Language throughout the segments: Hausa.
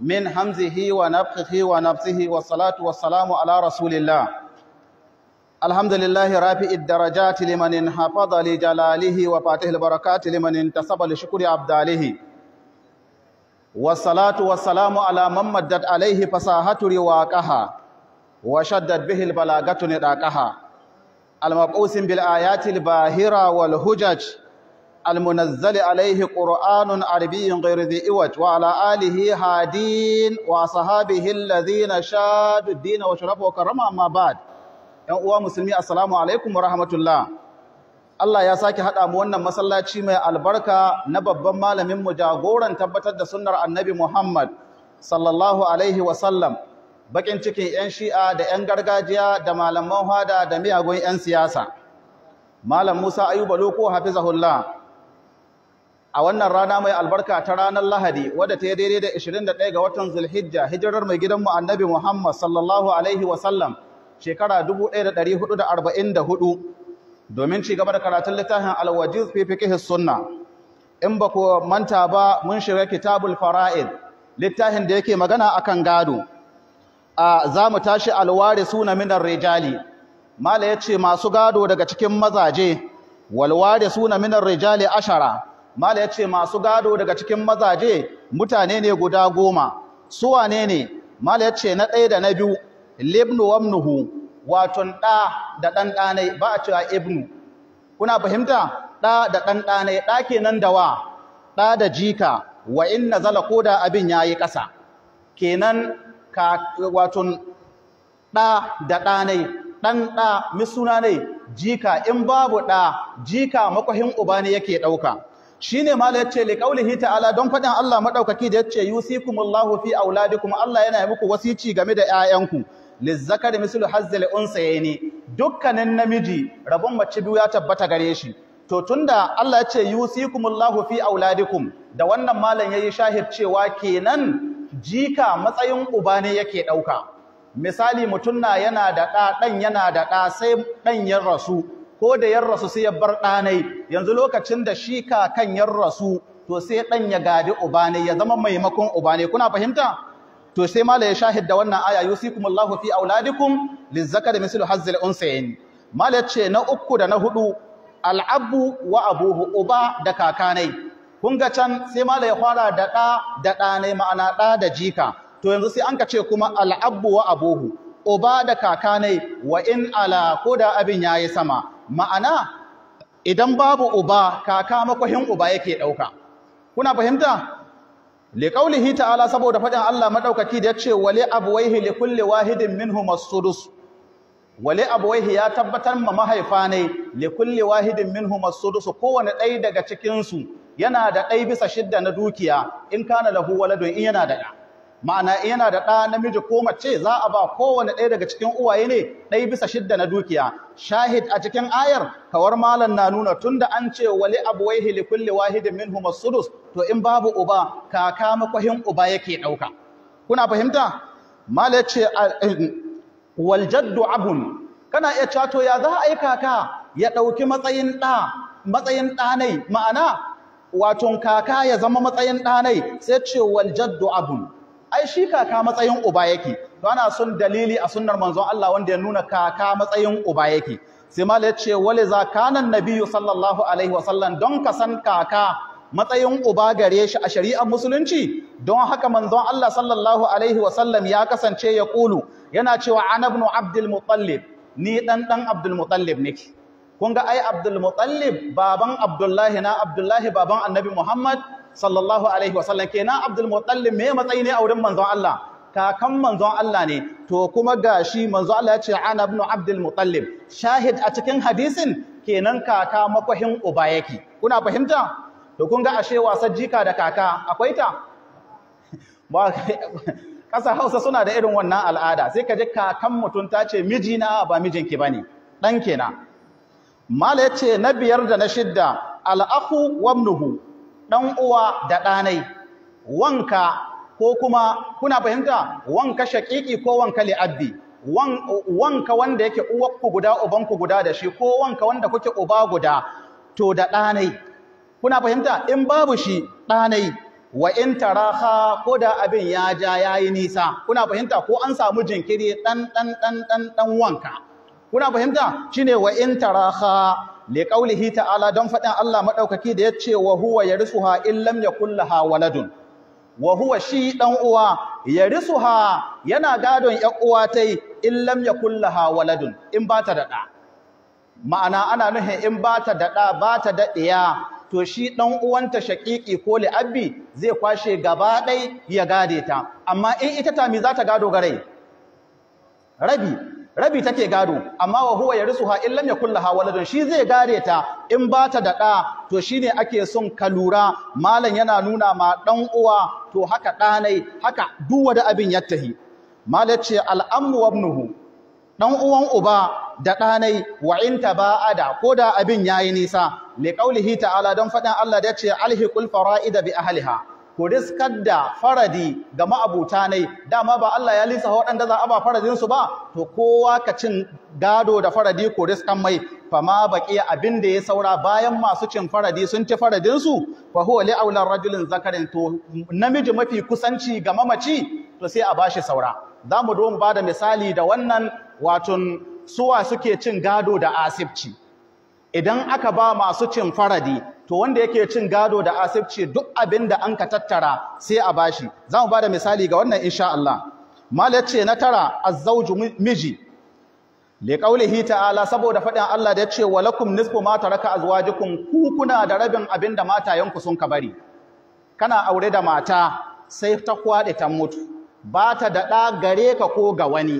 min hamzihi wa nafkhihi wa nafsihi wa salatu wa salamu ala rasulillah alhamdulillahi rafi'id darajati liman hafaza li jalalihi wa fatihi albarakati liman intasaba li shukri abdalihi wa salatu wa salamu ala man maddat alayhi fasahatu riwaqaha wa shaddat bihi albalagatu nidaqaha almab'usin bil ayati albahira wal hujaj المنزل عليه قرآن عربي غير ذي إوج وعلى آله هادين وصحابه الذين شادوا الدين وشرفوا وكرموا أما بعد ‘yan uwa musulmi assalamu alaikum wa rahmatullah Allah ya sake haɗa mu wannan masallaci mai albarka na babban malamin mu jagoran tabbatar da sunnar annabi Muhammad sallallahu alaihi wa sallam bakin cikin ‘yan shi'a da ‘yan gargajiya da malaman hada da miyagun ‘yan siyasa Malam Musa Ayuba Loko hafizahullah a wannan rana mai albarka ta ranar Lahadi wadda ta yi daidai da 21 ga watan Zulhijja hijirar mai gidanmu Annabi Muhammad sallallahu alaihi wasallam shekara 1444 domin ci gaba da karatun littafin Al-Wajiz fi fiqh sunna in ba ku manta ba mun shiga Kitabul Fara'id littafin da yake magana akan gado a zamu tashi al-warisuna minar rijali mala yace masu gado daga cikin mazaje wal warisuna minar rijali ashara mala ya ce masu gado daga cikin mazaje mutane ne guda goma su wanene ne mala ya ce na ɗaya da na biyu libnu wamnuhu wato ɗa da ɗan ɗanai ba a cewa ibnu kuna fahimta ɗa da ɗan ɗanai ɗa kenan da wa ɗa da jika wa in na zala ko da abin ya yi ƙasa kenan ka wato ɗa da ɗanai ɗan ɗa misuna ne jika in babu ɗa jika makwahin uba ne yake ɗauka Shi shine ya yace li hita ala don faɗin Allah madaukaki da yace yusikumullahu fi auladikum Allah yana yi muku wasici game da ƴaƴanku lizzakari mislu hazzil unsayni dukkanin namiji rabon mace biyu ya tabbata gare shi to tunda Allah yace yusikumullahu fi auladikum da wannan malam yayi shahid cewa kenan jika matsayin uba ne yake ɗauka. misali mutum na yana da ɗa ɗan yana da ɗa sai ɗan ya rasu ko da yan rasu sai ya bar ɗanai yanzu lokacin da shi kakan yan rasu to sai ɗan ya gadi ubanai ya zama maimakon ubanai kuna fahimta to sai mala ya da wannan aya yusikumullahu fi auladikum lizzakari mislu hazzil unsayin mala ce na uku da na hudu al'abu wa abuhu uba da kakanai kun ga can sai mala ya fara da ɗa da ɗanai ma'ana ɗa da jika to yanzu sai an ka ce kuma al'abu wa abuhu uba da kakanai wa in ala ko da abin yayi sama ma'ana idan babu uba kaka makwahin uba yake ɗauka kuna fahimta li liqaulihi ta'ala saboda faɗin Allah madaukaki da yace wali abwayhi likulli wahidin minhum as-sudus wali abwayhi ya tabbatar ma mahaifa ne likulli wahidin minhum as-sudus kowane ɗaya daga cikin su yana da dai bisa shidda na dukiya in kana lahu waladun in yana da ya ma'ana yana da ɗa namiji ko mace za a ba kowane ɗaya daga cikin uwaye ne ɗaya bisa shidda na dukiya shahid a cikin ayar kawar malam na nuna tunda an ce wali abwaihi hili kulli wahidin minhum sudus to in babu uba kaka makwahin uba yake ɗauka kuna fahimta mala ce eh, wal jaddu abun kana iya cato ya za a yi kaka ya ɗauki matsayin ɗa matsayin ɗanai ma'ana waton kaka ya zama matsayin ɗanai sai ce wal jaddu abun ai shi kaka matsayin uba yake to ana son dalili a sunnar manzon Allah wanda ya nuna kaka matsayin uba yake sai mala yace wale za kana nabiyyu sallallahu alaihi wasallam don ka san kaka matsayin uba gare shi a shari'ar musulunci don haka manzon Allah sallallahu alaihi wasallam ya kasance ya kulu yana cewa ana ibn abdul muttalib ni dan dan abdul muttalib ne kun ga ai abdul muttalib baban abdullahi na abdullahi baban annabi muhammad sallallahu alaihi wasallam kenan Abdul Muttalib me matsayi ne a wurin manzon Allah kakan manzon Allah ne to kuma gashi manzon Allah ya ce ana ibn Abdul Muttalib shahid a cikin hadisin kenan kaka makwahin uba yake kuna fahimta to kun ga ashe wasan jika da kaka akwai ta kasa Hausa suna da irin wannan al'ada sai ka ji kakan mutum ta ce mijina ba mijinki bane dan kenan mala yace na biyar da na shidda al-akhu wa ibnuhu ɗan uwa da ɗanai wanka ko kuma kuna fahimta wanka shaƙiƙi ko wanka li'abbi wanka wanda yake ku guda ubanku guda da shi ko wanka wanda kuke uba guda to da ɗanai kuna fahimta in babu shi ɗanai wa in taraha ko da abin ya ja ya yi nisa kuna fahimta ko an samu jinkiri ɗan ɗan ɗan ɗan ɗan wanka kuna fahimta shine wa in taraha liqaulihi ta'ala don faɗin Allah maɗaukaki da yace wa huwa yarisuha illam yakul laha waladun wa huwa shi dan uwa yarisuha yana gadon ya uwa tai illam yakul laha waladun in ba ta da ma'ana ana nuhin in ba ta da ba ta da to shi ɗan uwanta shaƙiƙi ko abbi, zai kwashe gaba dai ya gade ta amma in ita ta tami za ta gado garai rabi rabi take gado amma wa huwa yarsuha in yakullaha waladun shi zai gare ta in ba ta da to shine ake son ka lura malam yana nuna ma ɗan uwa to haka ɗanai haka duk wani abin ya tahi malam ce al'amru wa ɗan uwan uba da ɗanai wa in ada, ko da abin yayi nisa li qaulihi ta'ala don faɗin Allah da ya ce alhiqul fara'ida bi ahliha ku riskar da faradi ga ma'abuta ne dama ba Allah ya lisa waɗanda za a ba faradinsu ba to kowa ka cin gado da faradi ku riskan mai fama baƙi abin da ya saura bayan masu cin faradi sun ci faradinsu fa huwa li aular rajulin zakarin to namiji mafi kusanci ga mamaci to sai a bashi saura za mu zo mu ba da misali da wannan waton suwa suke cin gado da asibci idan aka ba masu cin faradi to wanda yake cin gado da asibci duk abin da an ka tattara sai a bashi za mu ba da misali ga wannan insha Allah mala ce na tara azzauju miji li qaulihi ta'ala saboda faɗin Allah da ya ce walakum nisfu ma taraka azwajukum ku kuna da rabin abin da yanku sun ka bari kana aure da mata sai ta kwade ta mutu ba ta da ɗa gare ka ko ga wani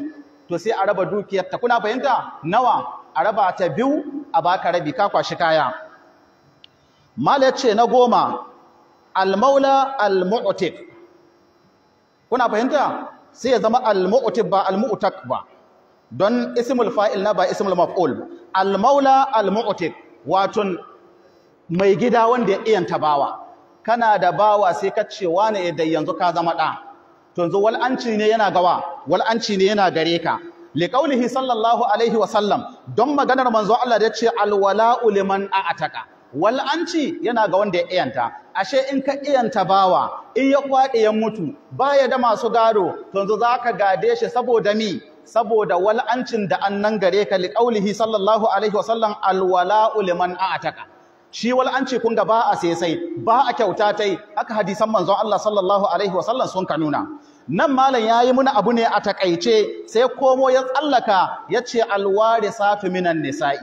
to sai a raba dukiyar ta kuna fahimta nawa a raba ta biyu a baka rabi ka kwashi kaya mala ce na goma almaula almu'tib kuna fahimta sai ya zama almu'tib ba almu'tak ba don ismul fa'il na ba ismul maf'ul almaula almu'tib watun. mai gida wanda ya iyanta bawa kana da bawa sai ka ce wani idan yanzu ka zama ɗa to yanzu wal'anci ne yana gawa wal'anci ne yana gare ka liƙaunihi sallallahu alaihi wa don maganar manzo Allah da ce alwala'u liman ataka wal'anci yana ga wanda ya iyanta ashe in ka iyanta bawa in ya kwaɗe ya mutu baya da masu gado tunzu za ka gade shi saboda mi saboda wal'ancin da an nan gare ka liƙaulihi sallallahu alaihi wasallam alwala'u liman ataka shi wal'anci kun ga ba a sai ba a kyauta yi haka hadisan manzon Allah sallallahu alaihi wasallam sun ka nuna nan malam ya yi muna abu ne a takaice sai komo ya tsallaka yace safi minan nisa'i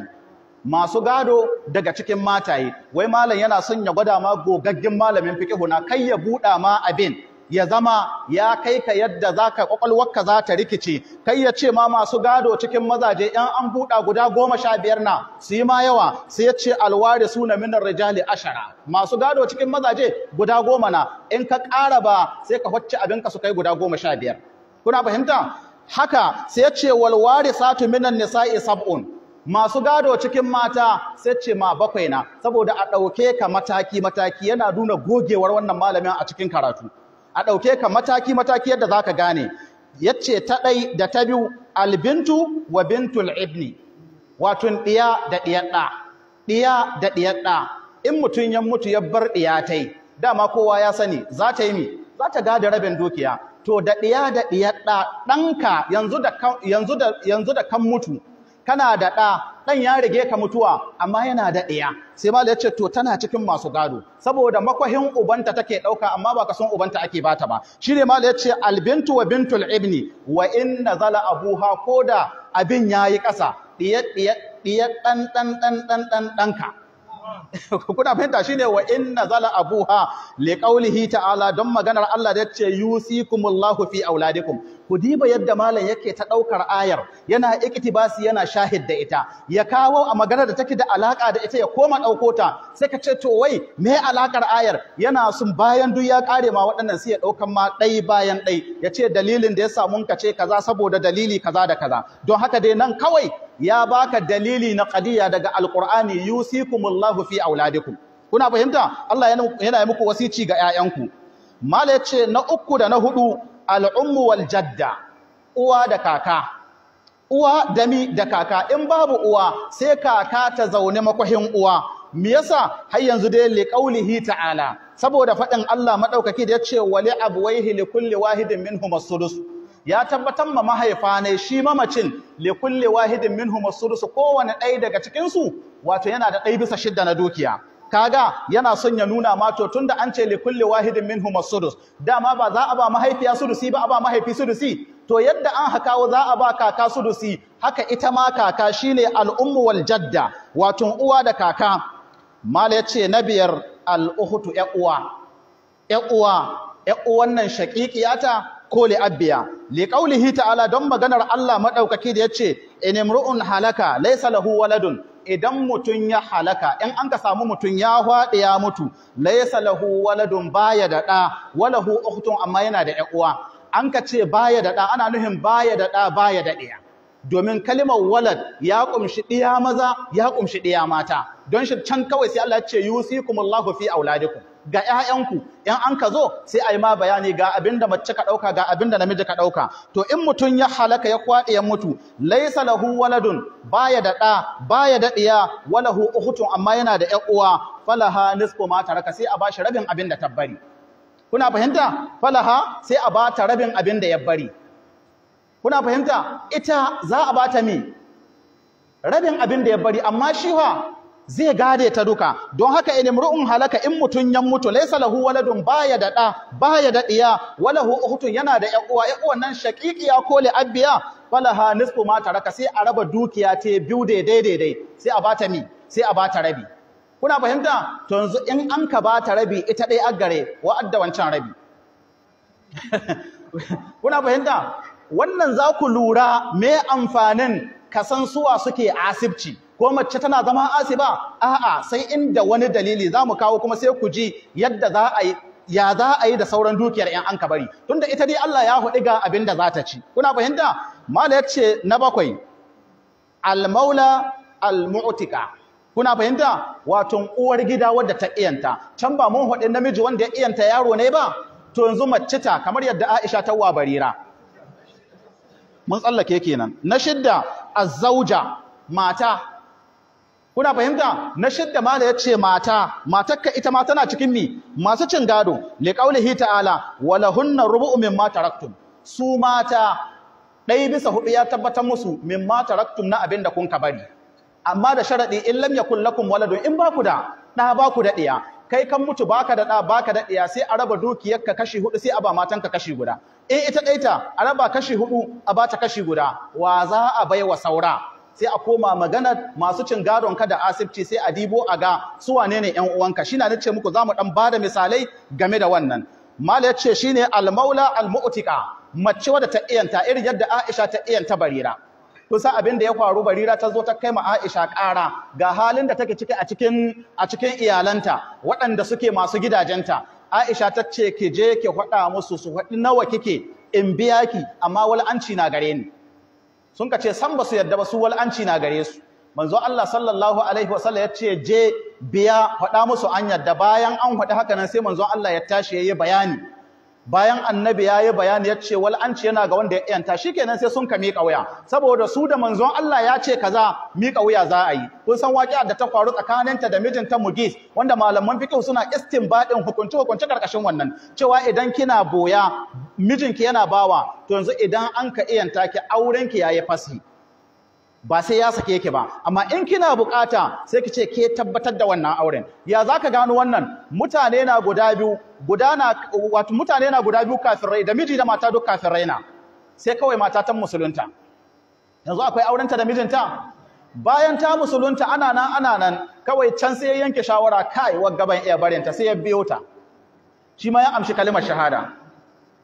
masu gado daga cikin mataye wai malam yana son ya gwada ma gogaggen malamin fiqhu na kai ya buɗa ma abin ya zama ya kai ka yadda zaka kwakwalwarka za ta rikice kai ya ce ma masu gado cikin mazaje yan an buɗa guda goma sha biyar na su yi ma yawa sai ya ce alwari suna minar rijali ashara masu gado cikin mazaje guda goma na in ka ƙara ba sai ka wacce abinka su kai guda goma sha biyar kuna fahimta haka sai ya ce walwari satu minan nisa'i sab'un masu gado cikin mata sai ce ma bakwai na saboda a ɗauke ka mataki mataki yana nuna gogewar wannan malamin a cikin karatu a ɗauke ka mataki mataki yadda za ka gane yace ta ɗai da ta biyu albintu wa bintul ibni wato ɗiya da ɗiyar ɗiya da ɗiyar in mutum ya mutu ya bar ɗiya ta yi dama kowa ya sani za ta yi mi za ta gada rabin dukiya to da ɗiya da ɗiyar ɗanka yanzu da kan mutu kana da ɗa ɗan ya rige ka mutuwa amma yana da ɗaya sai ba ya ce to tana cikin masu gado saboda makwahin ubanta take ɗauka amma ba ka san ubanta ake bata ba shi ne ma ya ce albintu wa bintul ibni wa in zala abuha ko da abin ya yi ƙasa ɗiyar ɗan ɗan ɗan ɗan ɗanka kuna fahimta shine wa inna zala abuha li ƙaulihi ta'ala don maganar Allah da yace yusikumullahu fi auladikum ku diba yadda malam yake ta ɗaukar ayar yana iktibasi yana shahid da ita ya kawo a magana da take da alaka da ita ya koma ɗauko ta sai ka ce to wai me alakar ayar yana sun bayan duk ya kare ma waɗannan sai ya ɗaukan ma ɗai bayan ɗai ya ce dalilin da ya samu ka ce kaza saboda dalili kaza da kaza don haka dai nan kawai ya baka dalili na qadiya daga alqur'ani yusikumullahu fi auladikum kuna fahimta Allah yana yi muku wasici ga 'ya'yanku Malam ce na uku da na hudu al'ummu wal jadda uwa da kaka uwa dami da kaka in babu uwa sai kaka ta zaune makwahin uwa me yasa har yanzu dai li qaulihi ta'ala saboda faɗin Allah madaukaki da yace wali abwayhi li kulli wahidin minhum as-sudus ya tabbatar ma mahaifa ne shi mamacin li kulli wahidin minhum as-sudus kowanne ɗaya daga cikinsu? wato yana da ɗaya bisa shidda na dukiya kaga yana son ya nuna ma to tunda an ce li kulli wahidin minhum as-sudus dama ba za a ba mahaifiya sudusi ba a ba mahaifi sudusi to yadda an hakawo za a ba kaka sudusi haka ita ma kaka shine al-ummu wal jadda wato uwa da kaka mal ya na biyar al-ukhtu ya uwa ya uwa ya uwan nan shaqiqiyata ko li abbiya li qawlihi ta'ala don maganar Allah madaukaki da yace in imru'un halaka laysa lahu waladun idan mutum ya halaka in an ka samu mutum ya haɗe ya mutu laisa lahu waladun baya da ɗa walahu ukhtun amma yana da ƴan uwa an ka ce baya da ɗa ana nuhin baya da ɗa baya da ɗiya domin kalimar walad ya kumshi ɗiya maza ya kumshi ɗiya mata don shi can kawai sai Allah ya ce yusikumullahu fi auladikum ga 'ya'yanku 'yan an ka zo sai a yi ma bayani ga abin da mace ka ɗauka ga abin da namiji ka ɗauka to in mutum ya halaka ya kwaɗe ya mutu laisa lahu waladun baya da ɗa baya da ɗiya walahu uhtun amma yana da ƴan uwa falaha nisfu ma taraka sai a bashi rabin abin da tabbari kuna fahimta falaha sai a bata rabin abin da ya bari kuna fahimta ita za a bata mi, rabin abin da ya bari amma shi fa zai gade ta duka don haka in imru'un halaka in mutun yan mutu laysa lahu waladun baya da da baya da diya walahu ukhtun yana da yan uwa yan nan shaqiqiya ko li abiya falaha nisfu ma taraka sai a raba dukiya ta biyu daidai daidai sai a bata mi sai a bata rabi kuna fahimta to yanzu in an ka bata rabi ita dai aggare wa adda wancan rabi kuna fahimta wannan za ku lura me amfanin suwa suke asibci ko mace tana zama asi asiba a'a sai inda wani dalili za mu kawo kuma sai ku ji yadda za a yi ya za a yi da sauran dukiyar ‘yan an kabari tunda ita dai Allah ya huɗu ga abin da za ta ci kuna fahimta mala ce na bakwai almaula almu'tika kuna fahimta wato uwar gida wadda ta iyanta can ba mun huɗu namiji wanda ya iyanta yaro ne ba to yanzu mace ta kamar yadda Aisha ta wa barira mun tsallake kenan na shidda azzauja mata kuna fahimta na shidda mala yace mata matakka ita ma tana cikin ni? masu cin gado li qaulihi ta'ala walahunna rubu'u mimma taraktum su mata Ɗai bisa hudu ya tabbatar musu mimma taraktum na abin da kun ka bari amma da sharaɗi in lam yakul lakum waladun in ba ku da ɗa ba ku da ɗiya kai kan mutu baka da ɗa baka da ɗiya sai a raba dukiyarka kashi hudu sai a ba matanka kashi guda in ita ɗaita a raba kashi hudu a ba ta kashi guda wa za a bai wa saura sai a koma maganar masu cin gadon ka da asibiti sai a dibo a ga su wane ne ƴan uwanka shi na nace muku zamu dan bada misalai game da wannan mala ce shine al-maula al-mu'tika mace wadda ta iyanta irin yadda Aisha ta iyanta barira kusa abin da ya faru barira ta zo ta kai ma Aisha ƙara ga halin da take ciki a cikin a cikin iyalanta waɗanda suke masu gidajenta Aisha ta ce ki je ki faɗa musu su faɗi nawa kike in biya ki amma wal'anci na gare ni sun kace san ba su yadda ba su wal'anci na gare su manzo Allah sallallahu alaihi wasallam ya ce je biya faɗa musu an yadda bayan an faɗi haka nan sai manzo Allah ya tashi yayi bayani bayan annabi ya yi bayani ya ce wal'anci yana ga wanda ya yanta shi kenan sai sun ka miƙa wuya saboda su da manzon Allah ya ce za miƙa wuya za a yi kun san waƙiya da ta faru tsakaninta da mijinta mugis wanda malaman fiqh suna baɗin hukunci hukunci karkashin wannan cewa idan kina boya mijinki yana bawa to yanzu idan an ka iyanta ki aurenki yayi fasi ba sai ya sake yake ba amma in kina bukata sai ki ce ke tabbatar da wannan auren ya zaka gano wannan mutane na guda biyu guda na wato mutane na guda biyu kafirai da miji da mata duk kafirai na sai kawai mata ta musulunta yanzu akwai auren ta da mijinta bayan ta musulunta ana nan ana nan kawai can sai ya yanke shawara kai wa gaban iya barinta sai ya biyo ta shi ma ya amshi kalimar shahada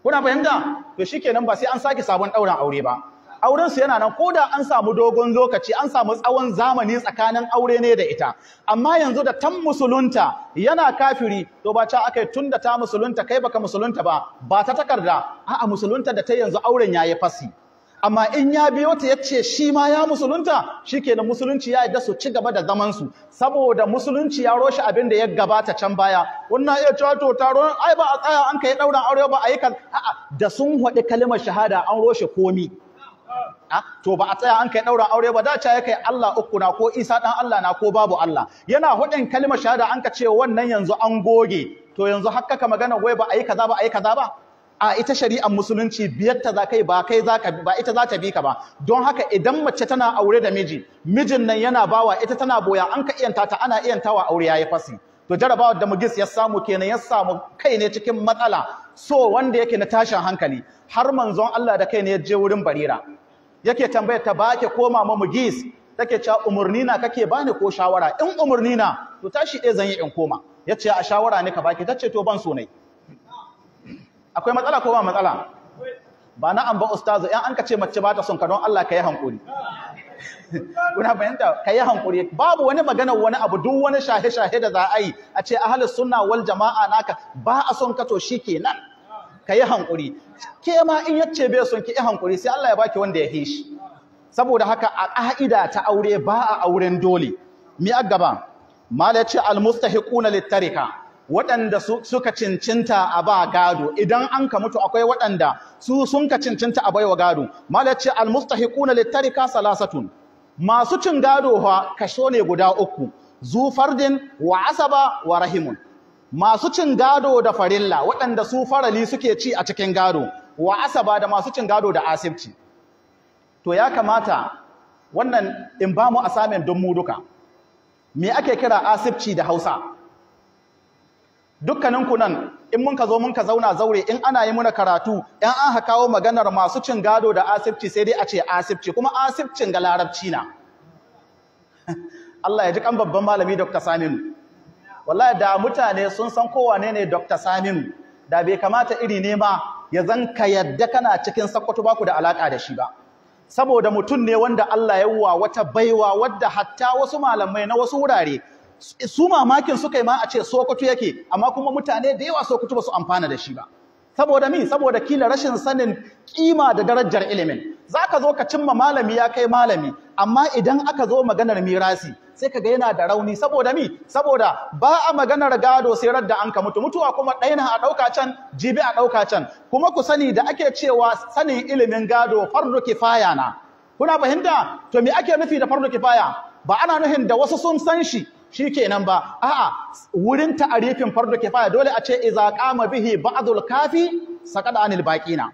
kuna fahimta to shikenan ba sai an sake sabon dauran aure ba auren su yana nan ko da an samu dogon lokaci an samu tsawon zamani tsakanin aure ne da ita amma yanzu da tan musulunta yana kafiri to ba ca akai tunda ta musulunta kai baka musulunta ba ba ta takarda a'a musulunta da ta yanzu auren yayi fasi amma in ya biyo ta yace shi ma ya musulunta shikenan musulunci ya yadda su ci gaba da zaman su saboda musulunci ya roshe abin da ya gabata can baya wannan iya cewa to taro ai ba a tsaya an kai dauran aure ba ayi kan a'a da sun hwadi kalmar shahada an roshe komi Ah, to ba a tsaya an kai ɗaurin aure ba dace ya kai Allah uku na ko Isa ɗan Allah na ko babu Allah yana hudin kalmar shahada an ka ce wannan yanzu an goge to yanzu hakaka ka magana wai ba a yi kaza ba a kaza ba a ita shari'ar musulunci biyar ta zakai ba kai zaka ba ita za ta bi ka ba don haka idan mace tana aure da miji mijin nan yana bawa ita tana boya an ka iyanta ta ana iyantawa aure yayi fasi to jarabawar da mugis ya samu kenan ya samu kai ne cikin matsala so wanda yake na tashin hankali har manzon Allah da kai ne ya je wurin barira yake tambayar ta bake koma mu mugis take cewa umurni na kake bani ko shawara in umurni na to tashi ɗaya zan yi in koma yace a shawara ne ka baki tace to ban so ne akwai matsala ko ba matsala ba na an ustazu in an ka ce mace ba ta son ka don Allah ka yi hankuri kuna bayanta ka yi hankuri babu wani magana wani abu duk wani shahe-shahe da za a yi a ce ahlus sunna wal jama'a naka ba a son ka to shikenan ka yi hankuri ke ma in yace bai son ki yi hankuri sai Allah ya baki wanda ya shi saboda haka a ƙa'ida ta aure ba a auren dole mi a gaba mala yace almustahiquna littarika waɗanda suka cincinta a ba gado idan an ka mutu akwai waɗanda su sun ka cincinta a baiwa gado mala yace lit littarika salasatun masu cin gado fa kaso ne guda uku zufardin wa asaba wa rahimun masu cin gado da farilla waɗanda su farali suke ci a cikin gado wa asaba da masu cin gado da asibci to ya kamata wannan in ba mu asamin don mu duka me ake kira asibci da hausa dukkaninku nan in mun ka zo mun ka zauna zaure in ana yi muna karatu yan an ha kawo maganar masu cin gado da asibci sai dai a ce asibci kuma asibcin ga larabci na Allah ya ji kan babban malami Dr. Saminu wallahi da mutane sun san kowane ne Dr. Saminu da bai kamata iri ne ma ya zanka yadda kana cikin Sokoto baku da alaka da shi ba saboda mutum ne wanda Allah ya wa wata baiwa wadda hatta wasu malamai na wasu wurare su mamakin suka yi ma a ce Sokoto yake amma kuma mutane da yawa Sokoto ba su amfana da shi ba saboda mi saboda kila rashin sanin kima da darajar ilimin zaka zo ka cimma malami ya kai malami amma idan aka zo maganar mirasi sai kaga yana da rauni saboda mi saboda ba a maganar gado sai radda an ka mutu mutuwa kuma ɗaya a ɗauka can jibi a ɗauka can kuma ku sani da ake cewa sanin ilimin gado fardu kifaya na kuna fahimta to me ake nufi da fardu kifaya ba ana nufin da wasu sun san shi shi kenan ba a'a wurin ta'arifin fardu kifaya dole a ce iza qama bihi ba'dul kafi saqada anil baqina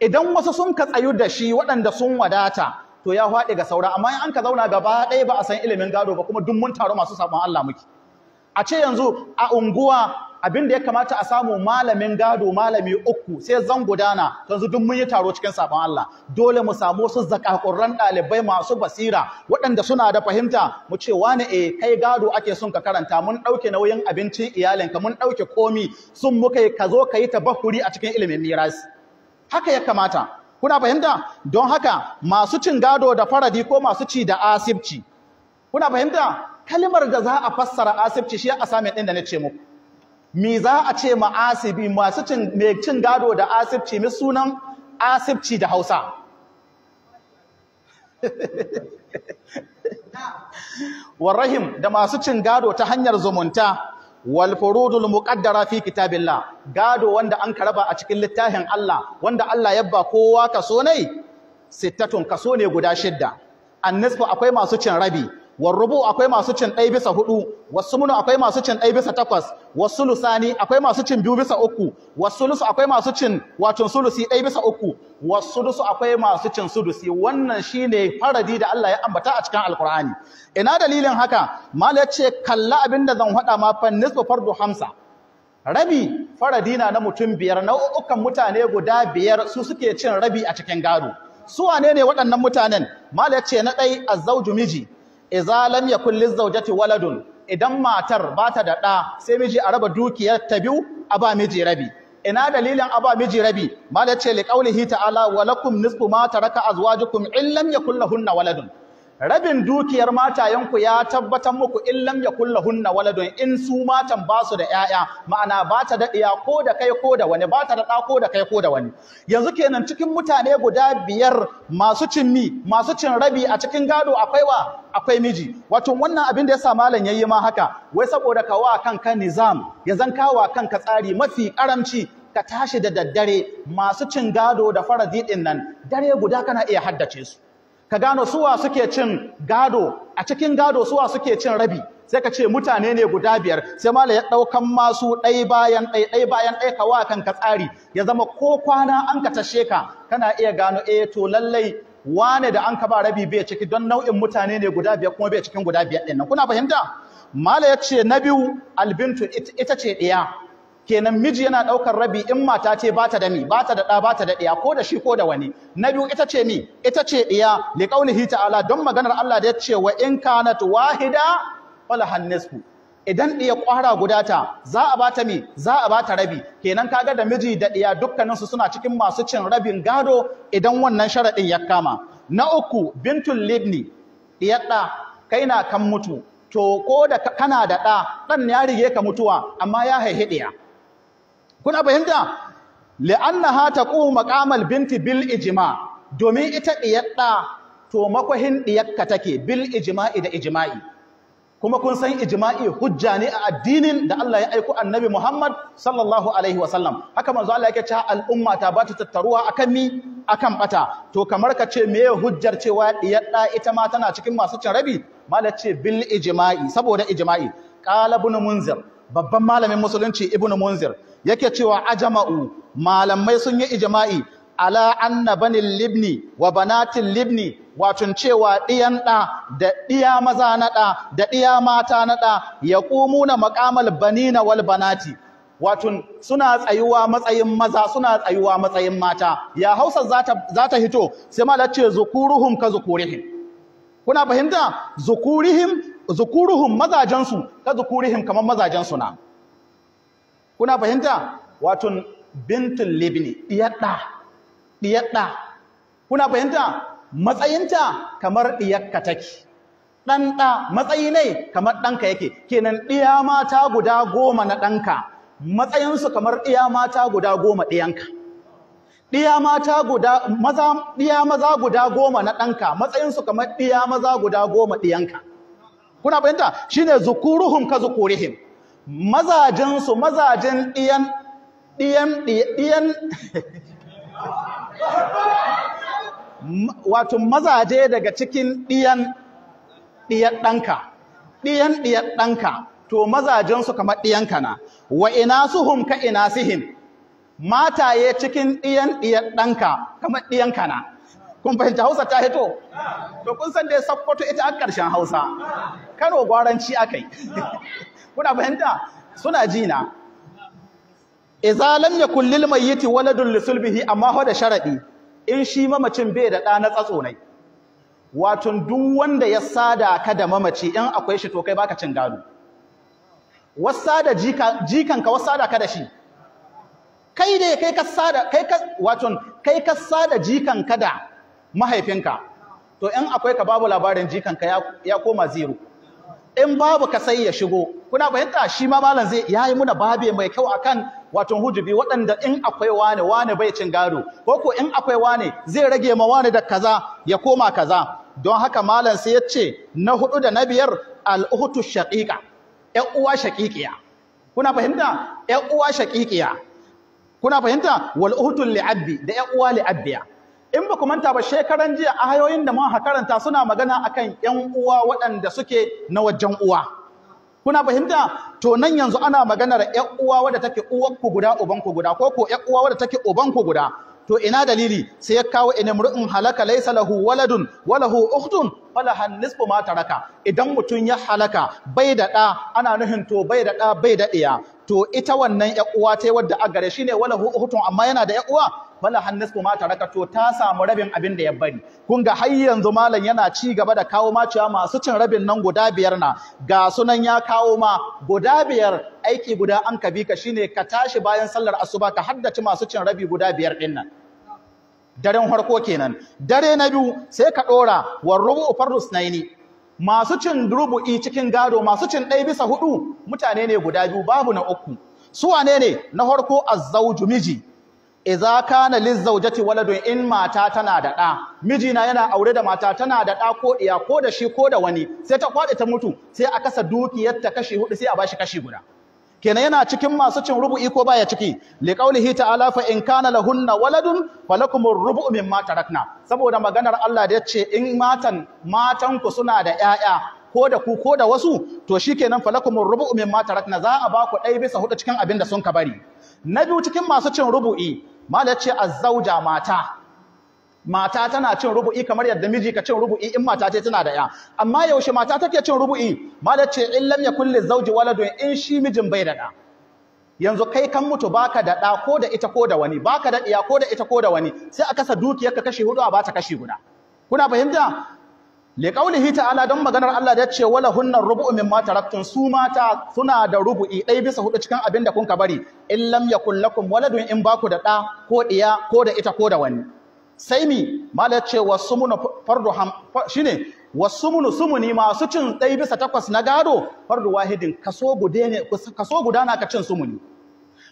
idan wasu sun ka tsayu da shi waɗanda sun wadata to ya faɗi ga saura amma in an ka zauna gaba ɗaya ba a san ilimin gado ba kuma duk mun taro masu sabon Allah muke a ce yanzu a unguwa abinda ya kamata a samu malamin gado malami uku sai zan gudana yanzu duk mun yi taro cikin sabon Allah dole mu samu wasu zakakurran ɗalibai masu basira waɗanda suna da fahimta mu ce wani eh kai gado ake son ka karanta mun ɗauke nauyin abincin ka mun ɗauke komi sun muka ka zo ka yi tabakuri a cikin ilimin mirasi haka ya kamata kuna fahimta don haka masu cin gado da faradi ko masu ci da asibci kuna fahimta kalimar da za a fassara asibci shi asamin ɗin da na ce muku me za a ce ma asibi masu cin mai cin gado da asibci mai sunan asibci da Hausa warahim da masu cin gado ta hanyar zumunta walfurudul furudul muqaddara fi kitabillah gado wanda an karaba a cikin littafin Allah wanda Allah ya ba kowa kaso ne sittatun kaso ne guda shidda annisfu akwai masu cin rabi warrubu akwai masu cin ɗai bisa hudu wasu munu akwai masu cin ɗai bisa takwas wasu lusani akwai masu cin biyu bisa uku wasu lusu akwai masu cin wacin sulusi ɗai bisa uku wasu lusu akwai masu cin sulusi wannan ne faradi da Allah ya ambata a cikin alkur'ani ina dalilin haka mala ce kalla abin da zan haɗa ma fa nisfu hamsa rabi faradi na na mutum biyar nau'ukan mutane guda biyar su suke cin rabi a cikin gado su wanene ne waɗannan mutanen malace ce na ɗai azzauju miji idza lam yakul lizawjati waladun idan matar bata da ɗa sai miji a raba dukiyar ta biyu a ba miji rabi ina dalilin a ba miji rabi mala ce li qaulihi ta'ala wa lakum nisfu ma taraka azwajukum in lam yakul lahunna waladun rabin dukiyar matayenku ya tabbatar muku in lam yakul lahunna waladun in su matan ba su da ƴaƴa ma'ana ba ta da iya ko da kai ko da wani ba ta da ɗa ko da kai ko da wani yanzu kenan cikin mutane guda biyar masu cin masu cin rabi a cikin gado akwai wa akwai miji wato wannan abin da yasa sa malam yayi ma haka wai saboda ka wa kanka nizam ya zan wa kanka tsari mafi karamci ka tashi da daddare masu cin gado da faradi din nan dare guda kana iya haddace su ka gano suwa suke cin gado a cikin gado suwa suke cin rabi sai ka ce mutane ne guda biyar sai mala ya ɗaukan masu ɗai bayan ɗai ɗai bayan ɗai ka wa kanka tsari ya zama ko kwana an ka tashe ka kana iya gano e to lallai wane da an ka ba rabi bai ciki don nau'in mutane ne guda biyar kuma bai cikin guda biyar ɗin nan kuna fahimta mala ya ce na biyu albintu ita ce ɗiya kenan miji yana ɗaukar rabi in mata ce bata da mi bata da da bata da ɗiya, ko da shi ko da wani na biyu ita ce mi ita ce ɗiya. li ƙaunihi ta'ala don maganar Allah da ya ce wa in kanat wahida wala idan ɗiya kwara guda ta za a bata mi za a bata rabi kenan kaga da miji da ɗiya dukkaninsu suna cikin masu cin rabin gado idan wannan sharaɗin ya kama na uku bintul libni diyar da kai na kan mutu to ko da kana da ɗa ɗan ya rige ka mutuwa amma ya haihi ɗiya kuna fahimta li'annaha taqumu maqamal binti bil ijma domin ita ɗiyarɗa, to makwahin ɗiyarka take bil ijma'i da ijma'i kuma kun san ijma'i hujja ne a addinin da Allah ya aiko annabi Muhammad sallallahu alaihi wasallam haka manzo Allah yake cewa al'umma ta ba ta tattaruwa akan mi akan bata to kamar ka ce meye hujjar cewa ɗiyaɗɗa ita ma tana cikin masu cin rabi mala ce bil ijma'i saboda ijma'i qala ibn munzir babban malamin musulunci ibn munzir yake cewa ajma'u malamai sun yi ijma'i ala anna bani libni wa banatin libni watun cewa ɗiyan ɗa da ɗiya maza na ɗa da ɗiya mata na ɗa ya na maƙamal banina wal banati watun suna tsayuwa matsayin maza suna tsayuwa matsayin mata ya hausa za ta hito sai ma ce zukuruhum ka zukurihim kuna fahimta zukurihim zukuruhum mazajensu ka zukurihim kamar mazajensu na kuna fahimta wato bintul libni diyadda diyadda kuna fahimta matsayinta kamar diyakka take dan da matsayi ne kamar danka yake kenan diya mata guda goma na danka matsayinsu kamar diya mata guda goma diyanka diya mata guda maza diya maza guda goma na danka matsayinsu kamar diya maza guda goma diyanka kuna fahimta shine zukuruhum ka zukurihim mazajensu mazajen ɗiyan ɗiyan ɗiyan wato mazaje daga cikin ɗiyan ɗiyar ɗanka ɗiyan ɗiyar ɗanka to mazajensu kamar ɗiyanka na wa ina suhum ka ina sihim mataye cikin ɗiyan ɗiyar ɗanka kamar ɗiyanka na kun fahimta hausa ta hito to kun san dai sakkwato ita a ƙarshen hausa kano gwaranci akai kuna fahimta suna na idza lam yakul lil mayyiti waladun li sulbihi amma ho da sharadi in shi mamacin bai da ɗa na tsatso ne wato duk wanda ya sada ka da mamaci in akwai shi to kai baka cin gado wasada jika jikanka wasada ka da shi kai dai kai ka sada kai ka wato kai ka sada ka da mahaifinka to in akwai ka babu labarin jikan ka ya koma zero in babu ka sai ya shigo kuna fahimta shi ma malam zai yayi muna babe mai kyau akan wato hujubi waɗanda in akwai wani wani bai cin gado ko ko in akwai wani zai rage ma wani da kaza ya koma kaza don haka malam sai ya ce na hudu da na biyar al'uhutu shaqiqa ƴan uwa shaqiqiya kuna fahimta ƴan uwa shaqiqiya kuna fahimta wal uhutu li'abbi da ƴan uwa li'abbiya in ba ku manta ba shekaran jiya a hayoyin da muka karanta suna magana akan yan uwa waɗanda suke na wajen uwa kuna fahimta to nan yanzu ana maganar yan uwa wadda take uwanku guda ubanku guda ko ko yan uwa wadda take ubanku guda to ina dalili sai ya kawo inimru'in halaka laysa lahu waladun walahu ukhtun han nisbu ma taraka idan mutun ya halaka bai da da ana nuhin to bai da da bai da iya to ita wannan ƴa uwa ta wadda a gare ne wala hutun amma yana da ƴa uwa wala hannisku ma raka to ta samu rabin abin da ya bari kun ga har yanzu malam yana ci gaba da kawo ma cewa masu cin rabin nan guda biyar na ga sunan ya kawo ma guda biyar aiki guda an ka bi ka shine ka tashi bayan sallar asuba ka haddace masu cin rabi guda biyar din nan daren harko kenan dare na biyu sai ka dora wa rubu naini masu cin rubu'i cikin gado masu cin ɗai bisa hudu mutane ne guda biyu babu na uku su wane ne na farko azzauju miji idza kana lizzaujati waladun in mata tana da ɗa miji na yana aure da mata tana da ɗa ko iya ko da shi ko da wani sai ta kwaɗe ta mutu sai a kasa dukiyar ta kashi hudu sai a bashi kashi guda kenan yana cikin masu cin rubu'i ko baya ciki li qaulihi ta'ala fa in kana lahunna waladun falakumur rubu'u mimma tarakna saboda maganar Allah da yace in matan matan ku suna da 'ya'ya, ko da ku ko da wasu to shikenan falakumur rubu'u mimma tarakna za a ba ku ɗaya bisa hudu cikin abinda sun ka bari na biyu cikin masu cin rubu'i mala yace azzauja mata mata tana cin rubu'i kamar yadda miji ka cin rubu'i in mata ce tana da ya amma yaushe mata take cin rubu'i malar ce in lam yakul zawji waladun in shi mijin bai da da yanzu kai kan mutu baka da da ko da ita ko da wani baka da iya ko da ita ko da wani sai a kasa dukiyarka kashi hudu a bata kashi guda kuna fahimta li qaulihi ta'ala don maganar Allah da ce wala hunnar rubu'u mimma taraktum su mata suna da rubu'i dai bisa hudu cikin abin da kun ka bari in lam yakul lakum waladun in baku da da ko iya ko da ita ko da wani sai mi malai ce wasu muna fardu shi ne wasu munu sumuni masu cin ɗai bisa takwas na gado fardu wahidin kaso guda ne kaso guda na ka cin sumuni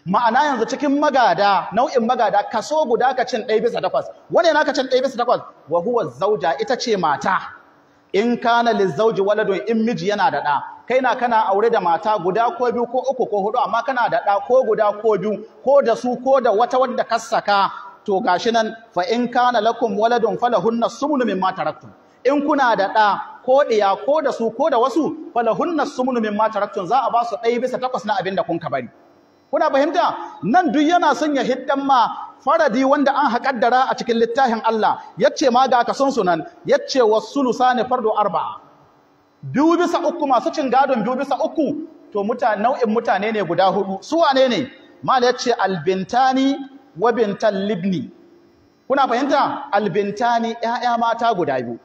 ma'ana yanzu cikin magada nau'in magada kaso guda ka cin ɗai bisa takwas wani na ka cin ɗai bisa takwas wa huwa zauja ita ce mata in kana lizauji waladun in miji yana da ɗa kai na kana aure da mata guda ko biyu ko uku ko hudu amma kana da ɗa ko guda ko biyu ko da su ko da wata wadda ka saka to gashi nan fa in kana lakum waladun falahunna sumunu mimma taraktum in kuna da ɗa ko ɗiya ko da su ko da wasu falahunna sumunu mimma taraktum za a ba su ɗaya bisa takwas na abin da kun ka bari kuna fahimta nan duk yana son ya hiddan ma faradi wanda an haƙaddara a cikin littafin Allah yace ma ga kason su nan yace wasulusani fardu arba'a biyu bisa uku masu cin gadon biyu bisa uku to mutane nau'in mutane ne guda hudu su wane ne mal yace albintani Wabintan bintal libni kuna fahimta albintani 'ya'ya mata guda biyu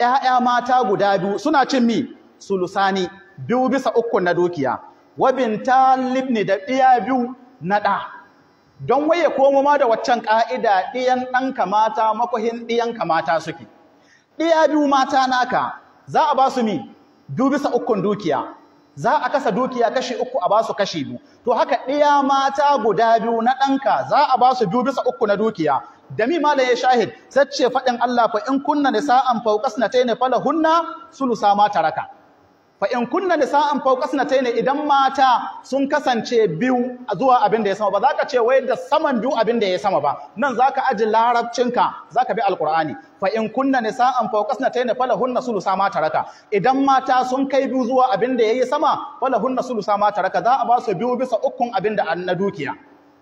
'ya'ya mata guda biyu suna cin mi sulusani biyu bisa uku na dukiya wa libni da iya biyu na ɗa don waye komo ma da waccan ƙa'ida ɗiyan ɗanka mata makwahin ɗiyanka mata suke ɗiya biyu mata naka za a ba su mi biyu bisa ukun dukiya za a kasa dukiya kashi uku a basu kashi biyu to haka ɗiya mata guda biyu na ɗanka za a basu biyu bisa uku na dukiya da mi ma ya shahid ce faɗin Allah fa in kunna nisa'an fawqasnatayn falahunna sulusa ma raka. fa in kunna nisa'an fawqa idan mata sun kasance biyu zuwa abin da ya sama ba za ka ce wai da saman biyu abin da ya sama ba nan za ka aji larabcinka za ka bi alqur'ani fa in kunna nisa'an fawqa falahunna sulusa ma taraka idan mata sun kai biyu zuwa abin da yayi sama falahunna sulusa ma taraka za a ba su biyu bisa ukun abin da na dukiya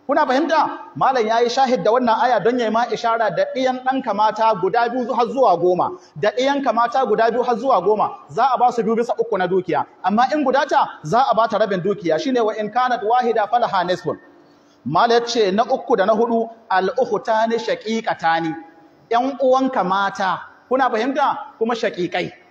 kuna fahimta malam ya yi shahid da wannan aya don ya yi ma ishara da ɗiyan ɗan kamata guda biyu har zuwa goma da ɗiyan kamata guda biyu har zuwa goma za a ba su biyu bisa uku na dukiya amma in guda ta za a ba ta rabin dukiya shine wa in kanat wahida falaha nisfun malam ce na uku da na hudu al ta shaqiqatani 'yan uwanka mata kuna fahimta kuma shaqiqai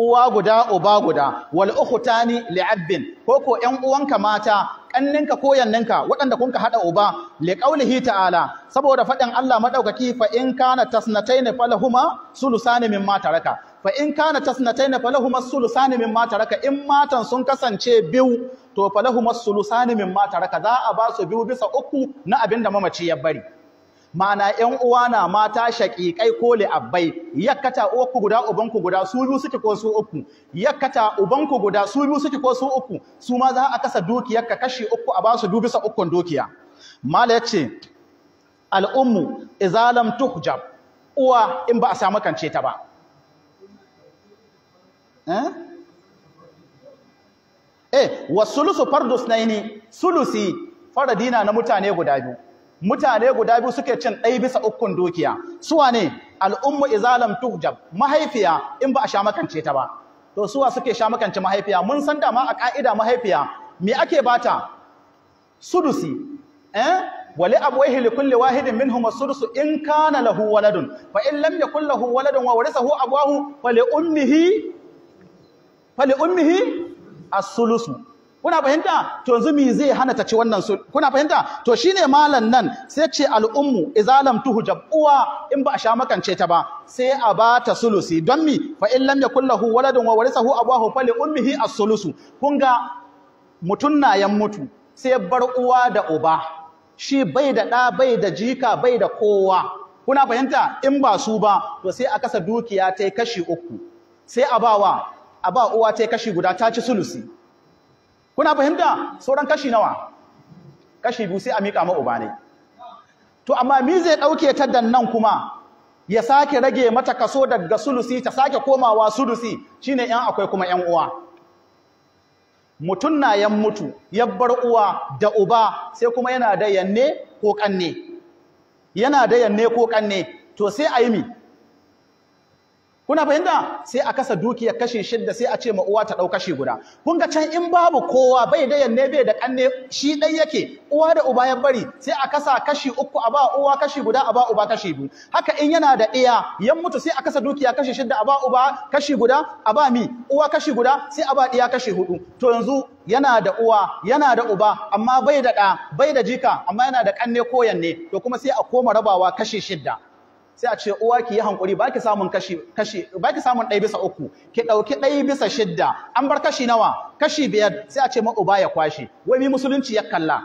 uwa guda uba guda wal ukhtani li'abbin ko ko ƴan uwanka mata kanninka ko yanninka waɗanda kunka hada uba li qaulihi ta'ala saboda faɗin Allah madaukaki fa in kana tasnatayn falahuma sulusani mimma taraka fa in kana tasnatayn falahuma sulusani mimma taraka in matan sun kasance biyu to falahuma sulusani mimma taraka za a ba su biyu bisa uku na abinda mamaci ya bari ma'ana ƴan uwa na mata shaƙiƙai ko abbai. yakkata uwarku guda ubanku guda su biyu suke ko su uku yakkata ubanku guda su biyu suke ko su uku su ma za a kasa dukiyar ka kashi uku a ba su dubisa bisa ukun dukiya mala yace al'ummu lam tuhjab uwa in ba a samu kance ta ba eh, eh wasulusu fardus naini sulusi faradina na mutane guda biyu mutane guda biyu suke cin ɗai bisa ukun dukiya suwa ne al'ummu izalam tuhjab mahaifiya in ba a sha makance ta ba to suwa suke sha makance mahaifiya mun san da ma a ƙa'ida mahaifiya me ake bata sudusi eh wali abwayhi li kulli wahidin minhum sudusu in kana lahu waladun fa in lam yakul lahu waladun wa fa li ummihi fa ummihi as-sulusu kuna fahimta to yanzu me zai hana ta ci wannan su kuna fahimta to shine malam nan sai ce al'ummu izalam tuhu Uwa, in ba a sha makance ta ba sai a ba ta sulusi don mi fa in lam yakul lahu waladun wa warisahu abahu fali ummihi as-sulusu kun ga mutun na yan mutu sai bar uwa da uba shi bai da ɗa bai da jika bai da kowa kuna fahimta in ba su ba to sai a kasa dukiya ta kashi uku sai a bawa a ba uwa ta kashi guda ta ci sulusi kuna fahimta sauran kashi nawa kashi biyu sai a miƙa ma uba ne to amma mi zai ɗauke ta nan kuma ya sake rage mata kaso daga sulusi ta sake komawa sulusi shine yan akwai kuma yan uwa mutum na yan mutu ya bar uwa da uba sai kuma yana da yanne ko kanne yana da yanne ko kanne to sai a yi mi kuna fahimta sai a kasa dukiyar kashi shidda sai a ce ma uwa ta ɗau kashi guda kun ga can in babu kowa bai da yanne bai da ƙanne shi ɗai yake uwa da uba ya bari sai a kasa kashi uku a ba uwa kashi guda a ba uba kashi biyu haka in yana da iya yan mutu sai a kasa dukiya kashi shidda a ba uba kashi guda a ba mi uwa kashi guda sai a ba ɗiya kashi hudu to yanzu yana da uwa yana da uba amma bai da ɗa bai da jika amma yana da ƙanne ko yanne to kuma sai a koma rabawa kashi shidda sai a ce uwa ki yi hankuri baki samun kashi kashi baki samun ɗaya bisa uku ki ɗauki ɗaya bisa shidda an bar kashi nawa kashi biyar sai a ce ma uba ya kwashe wai mi musulunci ya kalla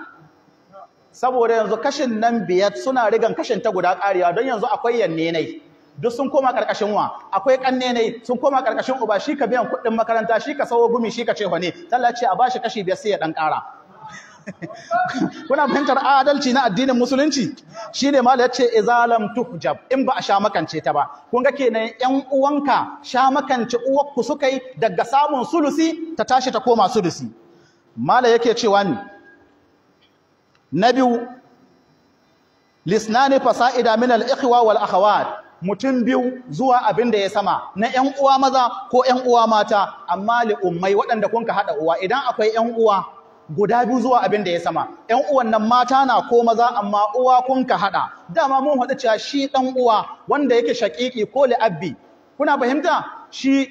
saboda yanzu kashin nan biyar suna rigan kashin ta guda ƙariya don yanzu akwai yannenai duk sun koma karkashin wa akwai kannenai sun koma karkashin uba shi ka biyan kuɗin makaranta shi ka sawo gumi shi ka ce hone talla ce a bashi kashi biyar sai ya ɗan ƙara kuna fahimtar adalci na addinin musulunci shine mala yace izalam tuhjab in ba a sha makance ta ba kun ga kenan yan uwanka sha makance uwarku suka yi daga samun sulusi ta tashi ta koma sulusi mala yake cewa ni na lisnani fasa'ida min al-ikhwa wal akhawat mutum biyu zuwa abin da ya sama na 'yan uwa maza ko 'yan uwa mata amma li ummai waɗanda kun ka haɗa uwa idan akwai 'yan uwa guda biyu zuwa abin da ya sama ƴan uwan nan mata na ko maza amma uwa kun ka hada dama mun hada cewa shi ɗan uwa wanda yake shaqiqi ko li'abbi kuna fahimta shi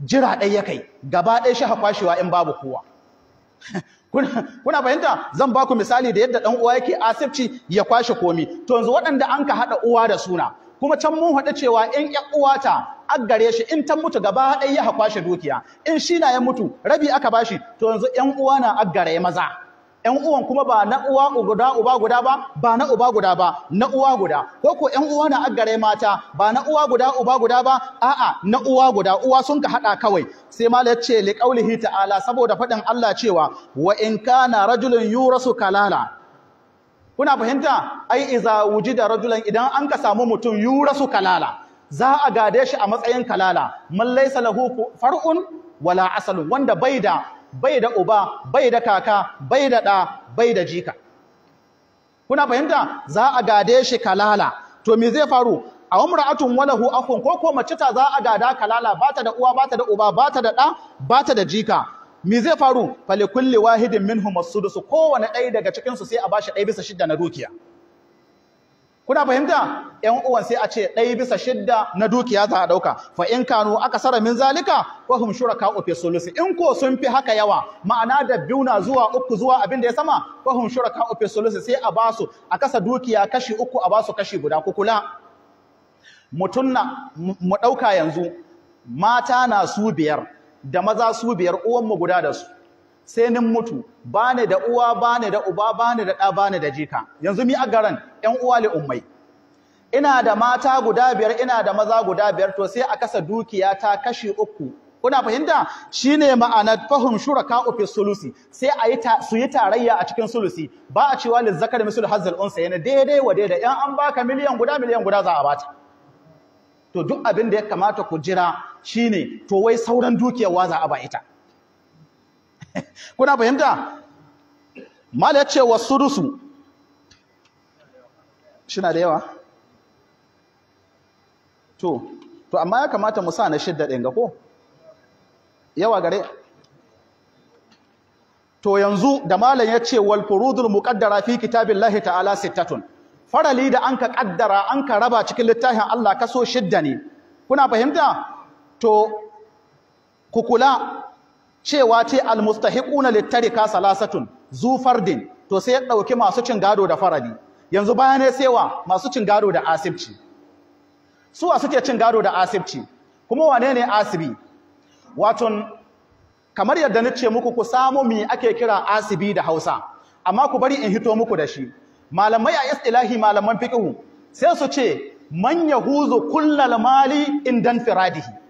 jira ɗaya ya kai gaba ɗaya shi hakwashewa in babu kowa kuna fahimta zan ba ku misali da yadda ɗan uwa yake asibci ya kwashe komi to yanzu waɗanda an ka hada uwa da suna kuma can mun haɗu cewa in ƴan uwata a gare shi in ta mutu gaba ɗaya ya shi dukiya in shi na ya mutu rabi aka bashi to yanzu ƴan uwa na a gare maza ƴan uwan kuma ba na uwa guda uba guda ba ba na uba guda ba na uwa guda ko ko ƴan uwa na a gare mata ba na uwa guda uba guda ba a'a na uwa guda uwa sun ka haɗa kawai sai ma ya ce liqaulihi ta'ala saboda faɗin Allah cewa wa in kana rajulun yurasu kalala kuna fahimta ai iza da rajulan idan an ka samu mutum yurasu kalala za a gade shi a matsayin kalala man laysa far'un wala asalun wanda bai da bai da uba bai da kaka bai da da bai da jika kuna fahimta za a gade shi kalala to me zai faru a umra'atun walahu akhun ko ko mace ta za a gada kalala bata da uwa bata da uba bata da da bata da jika me zai faru fali kulli wahidin minhum as-sudus kowane ɗaya daga cikin su sai a bashi ɗaya bisa shidda na dukiya kuna fahimta ƴan uwan sai a ce ɗaya bisa shidda na dukiya za a ɗauka fa in kanu aka sara min zalika wa hum shuraka fi sulusi in ko sun fi haka yawa ma'ana da biyu na zuwa uku zuwa abin da ya sama wa hum shuraka fi sulusi sai a basu a kasa dukiya kashi uku a basu kashi guda ku kula mu ɗauka yanzu mata na su biyar da maza su biyar uwanmu guda da su sai nin mutu Ba ni da uwa ba ni da uba ba ni da ɗa ni da jika yanzu mi a garan ƴan uwa li ummai ina da mata guda biyar ina da maza guda biyar to sai a kasa dukiya ta kashi uku kuna fahimta shine ma'anar fahum shuraka fi sulusi sai a yi su yi tarayya a cikin sulusi ba a cewa li zakar misul hazal unsa yana daidai wa daidai yan an baka miliyan guda miliyan guda za a bata to duk abin da ya kamata ku jira Shi ne, to wai sauran dukiyar waza a ba ita kuna fahimta mal ya ce Shi shina da yawa to to amma ya kamata mu sa na shidda ɗin ga ko yawa gare to yanzu da malam ya ce wal furudul muqaddara fi kitabillahi ta'ala sittatun farali da anka kaddara anka raba cikin littafin Allah kaso shidda ne kuna fahimta to ku kula cewa ce almustahiquna littarika salasatun zufardin din. to sai ya dauki masu cin gado da faradi yanzu bayan ne sewa masu cin gado da asibci su a suke cin gado da asibci kuma wane ne asibi wato kamar yadda ni ce muku ku samo mi ake kira asibi da Hausa amma ku bari in hito muku da shi malamai a istilahi malaman fiqhu sai su ce man yahuzu kullal mali indan firadihi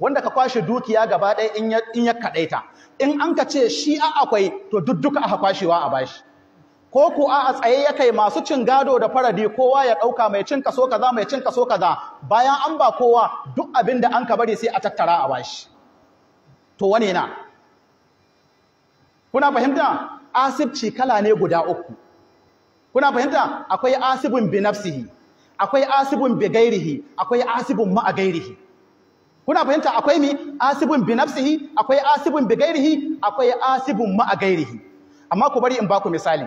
wanda ka kwashe dukiya gaba ɗaya in ya kaɗaita in an ka ce shi a akwai to duk duka aka kwashewa a bashi ko ku a a tsaye ya kai masu cin gado da faradi kowa ya ɗauka mai cin kaso kaza mai cin kaso kaza bayan an ba kowa duk abin da an ka bari sai a tattara a bashi to wane na kuna fahimta asibci kala ne guda uku kuna fahimta akwai asibin binafsihi. akwai asibin bigairihi. akwai asibin ma'a'gairihi. kuna fahimta akwai mi asibun bi nafsihi akwai asibun bi gairihi akwai asibun ma gairihi amma ku bari in ba ku misali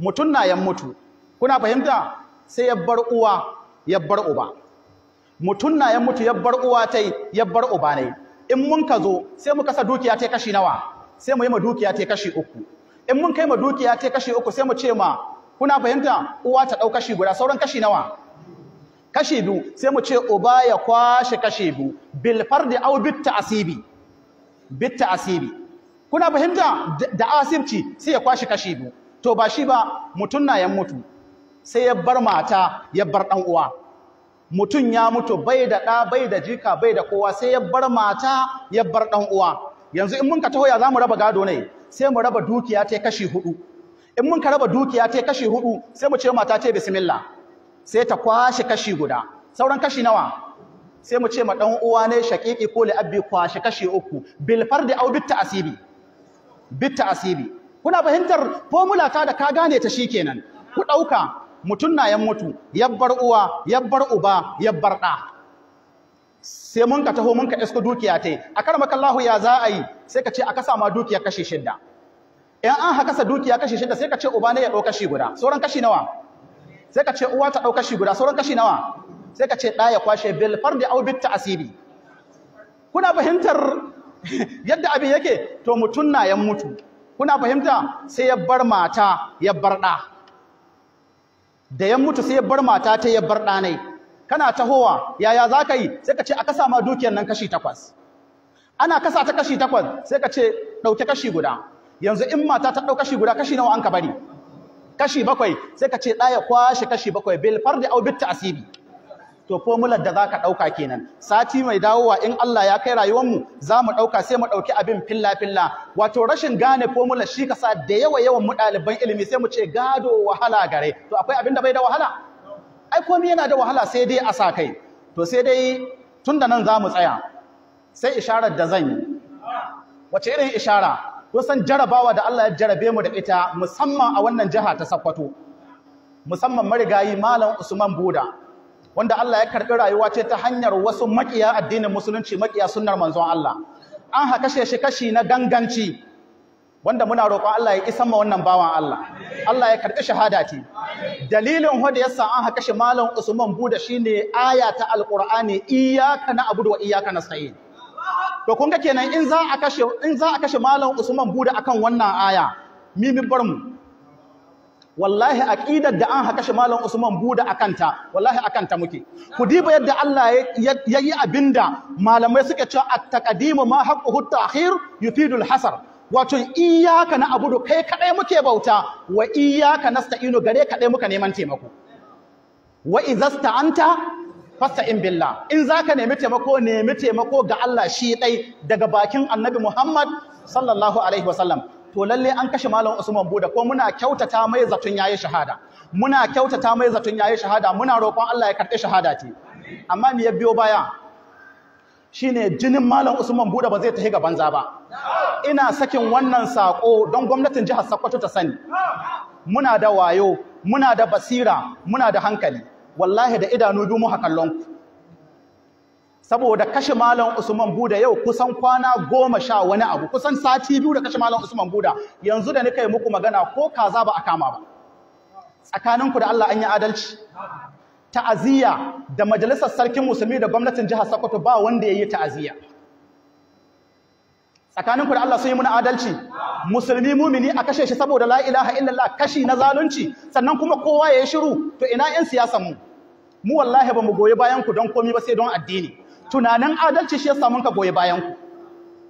Mutun na yan mutu kuna fahimta sai ya bar uwa ya bar uba Mutun na yan mutu ya bar uwa tai ya bar uba ne in mun ka zo sai mu kasa dukiya ta kashi nawa sai mu yi ma dukiya ta kashi uku in mun kai ma dukiya ta kashi uku sai mu ce ma kuna fahimta uwa ta ɗau kashi guda sauran kashi nawa kashi biyu sai mu ce uba ya kwashe kashi biyu bil fardi aw bit ta'sibi bit ta'sibi kuna fahimta da asibci sai ya kwashe kashi biyu to ba shi ba mutun na ya mutu sai ya bar mata ya bar dan uwa mutun ya mutu bai da da bai da jika bai da kowa sai ya bar mata ya bar dan uwa yanzu in mun ka taho ya zamu raba gado ne sai mu raba dukiya ta kashi hudu in mun ka raba dukiya ta kashi hudu sai mu ce mata ce bismillah sai ta kwashe kashi guda sauran kashi nawa sai mu ce ma dan uwa ne shaqiqi ko li abbi kwashe kashi uku bil fardi aw bit ta'sibi bit ta'sibi kuna fahimtar fomula ta da ka gane ta shi kenan? ku ɗauka mutun na yan mutu yabbar uwa yabbar uba yabbar da sai mun ka taho mun ka isko dukiya tai a Allah ya za a yi sai ka ce a kasa ma dukiya kashi shidda in an haka sa dukiya kashi shidda sai ka ce uba ne ya ɗau kashi guda sauran kashi nawa sai ka ce uwa ta ɗau kashi guda sauran kashi nawa sai ka ce ɗa ya kwashe bil fardi au bit ta'asibi kuna fahimtar yadda abin yake to mutum na 'yan mutu kuna fahimta sai ya bar mata ya bar ɗa da 'yan mutu sai ya bar mata ta ya bar ɗa ne kana tahowa yaya za ka yi sai ka ce a kasa ma dukiyar nan kashi takwas ana kasa ta kashi takwas sai ka ce ɗauke kashi guda yanzu in mata ta ɗau kashi guda kashi nawa an ka bari kashi bakwai sai ka ce ɗaya kwashe kashi bakwai bil fardi au bit ta'sibi to formular da zaka dauka kenan sati mai dawowa in Allah ya kai rayuwar mu zamu dauka sai mu dauki abin filla filla wato rashin gane formular shi kasa da yawa yawan mu ɗaliban ilimi sai mu ce gado wahala gare to akwai abin da bai da wahala ai komai yana da wahala sai dai a sa kai to sai dai tunda nan zamu tsaya sai isharar da zan yi wace irin ishara kusan jarabawa da Allah ya jarabe mu da ita musamman a wannan jiha ta Sokoto musamman marigayi malam Usman Buda wanda Allah ya karɓi rayuwa ce ta hanyar wasu makiya addinin musulunci makiya sunnar manzon Allah an haka shi kashi na ganganci wanda muna roƙon Allah ya isa ma wannan bawan Allah Allah ya karɓi shahada ce dalilin hoda yasa an haka shi malam Usman Buda shine aya ta Alqur'ani iyyaka na'budu wa iyyaka nasta'in to kun ga kenan in za a kashe in za a kashe malam Usman Buda akan wannan aya mimin bar mu wallahi aqidar da an haka shi malam Usman Buda akanta wallahi akanta muke ku diba yadda Allah ya yayi abinda malamai suke cewa at-taqdimu ma haqquhu at-ta'khir yufidul hasar wato iyyaka na abudu kai kadai muke bauta wa iyyaka nasta'inu gare kadai muka neman taimako wa idza sta'anta in billa in zaka nemi taimako nemi taimako ga Allah shi dai daga bakin Annabi Muhammad sallallahu alaihi wasallam to lalle an kashe malam Usman Buda ko muna kyautata mai zatun yayi shahada muna kyautata mai zatun yayi shahada muna roƙon Allah ya karɓi shahada ce amma me ya biyo baya shine jinin malam Usman Buda ba zai tafi ga banza ba ina sakin wannan sako don gwamnatin jihar Sokoto ta sani muna da wayo muna da basira muna da hankali wallahi da idanu biyu muka kallon ku saboda kashe malam Usman Buda yau kusan kwana goma sha wani abu kusan sati biyu da kashe malam Usman Buda yanzu da nika yi muku magana ko kaza ba a kama ba ku da Allah an yi adalci ta'aziyya da majalisar sarkin musulmi da gwamnatin jihar Sokoto ba wanda ya yi ta'aziyya ku da Allah sun yi muna adalci musulmi mumini a kashe shi saboda la ilaha illallah kashi na zalunci sannan kuma kowa ya yi shiru to ina yan siyasa mu mu wallahi ba mu goyi bayan ku don komi ba sai don addini tunanin adalci shi yasa mun ka goyi bayan ku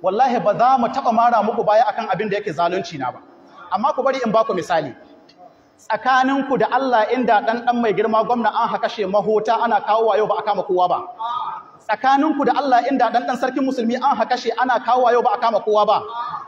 wallahi ba za mu taba mara muku baya akan abin da yake zalunci na ba amma ku bari in ba ku misali tsakaninku da Allah inda dan dan mai girma gwamna an haka she mahota ana kawo wayo ba a kama kowa ba tsakaninku da Allah inda ɗanɗan sarkin musulmi an haka shi ana kawo yau ba a kama kowa ba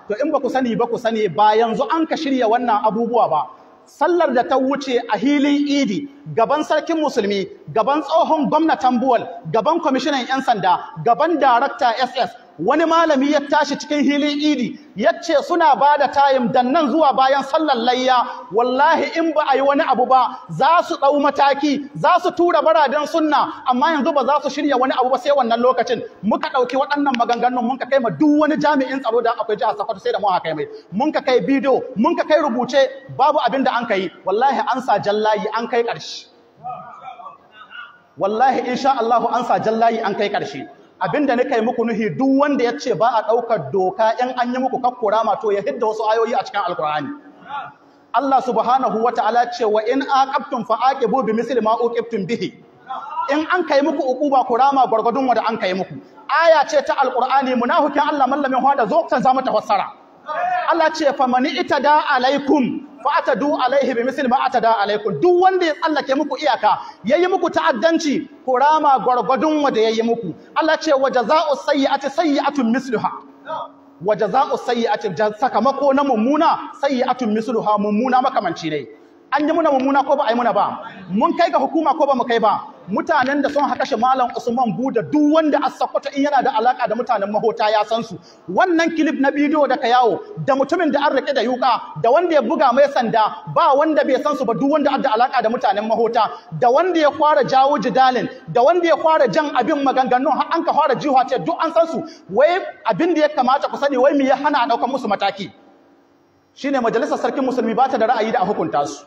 to in ba ku sani ba ku sani ba yanzu an ka shirya wannan abubuwa ba sallar da ta wuce a hilin idi gaban sarkin musulmi gaban tsohon gwamnatin buwal gaban kwamishinan 'yan sanda gaban darakta ss wani malami ya tashi cikin hilin idi ya ce suna ba da tayim dan nan zuwa bayan sallar layya wallahi in ba a yi wani abu ba za su ɗau mataki za su tura baraden sunna amma yanzu ba za su shirya wani abu ba sai wannan lokacin muka ɗauki waɗannan maganganun mun ka kai ma duk wani jami'in tsaro da akwai jihar Sokoto sai da mu kai mai mun ka kai bidiyo mun ka kai rubuce babu abin da an kai wallahi an sa jallayi an kai ƙarshe wallahi insha Allah an sa jallayi an kai ƙarshe abinda nika yi muku nuhi duk wanda ya ce ba a ɗaukar doka in an yi muku kakkura ma to ya hidda wasu ayoyi a cikin alkur'ani Allah subhanahu wa ta'ala ce wa in aqabtum fa aqibu bi misli ma uqibtum bihi in an kai muku ukuba kurama gwargwadon wanda an kai muku aya ce ta alkur'ani munafikin Allah mallamin hada zo san zama fassara. Allah ce fa mani itada alaikum fa atadu alaihi bi misli ma atada alaikum duk wanda ya tsallake muku iyaka yayi muku ta'addanci ku gwargwadon wanda yi muku Allah ce wa jazaa'u sayyi'ati sayyi'atun misluha wa jazaa'u sayyi'atin sakamako na mummuna sayyi'atun misluha mummuna makamanci ne an yi muna mummuna ko ba a yi muna ba mun kai ga hukuma ko ba mu kai ba mutanen da sun haƙashe shi malam Usman Buda duk wanda a sakwata in yana da alaka da mutanen mahota ya san su wannan kilif na bidiyo da ka yawo da mutumin da an rike da yuka da wanda ya buga mai sanda ba wanda bai san su ba duk wanda da alaka da mutanen mahota da wanda ya fara jawo jidalin da wanda ya fara jan abin maganganu har an ka fara jiwa ce duk an san su wai abin da ya kamata ku sani wai me ya hana a daukar musu mataki shine majalisar sarkin musulmi ba ta da ra'ayi da a hukunta su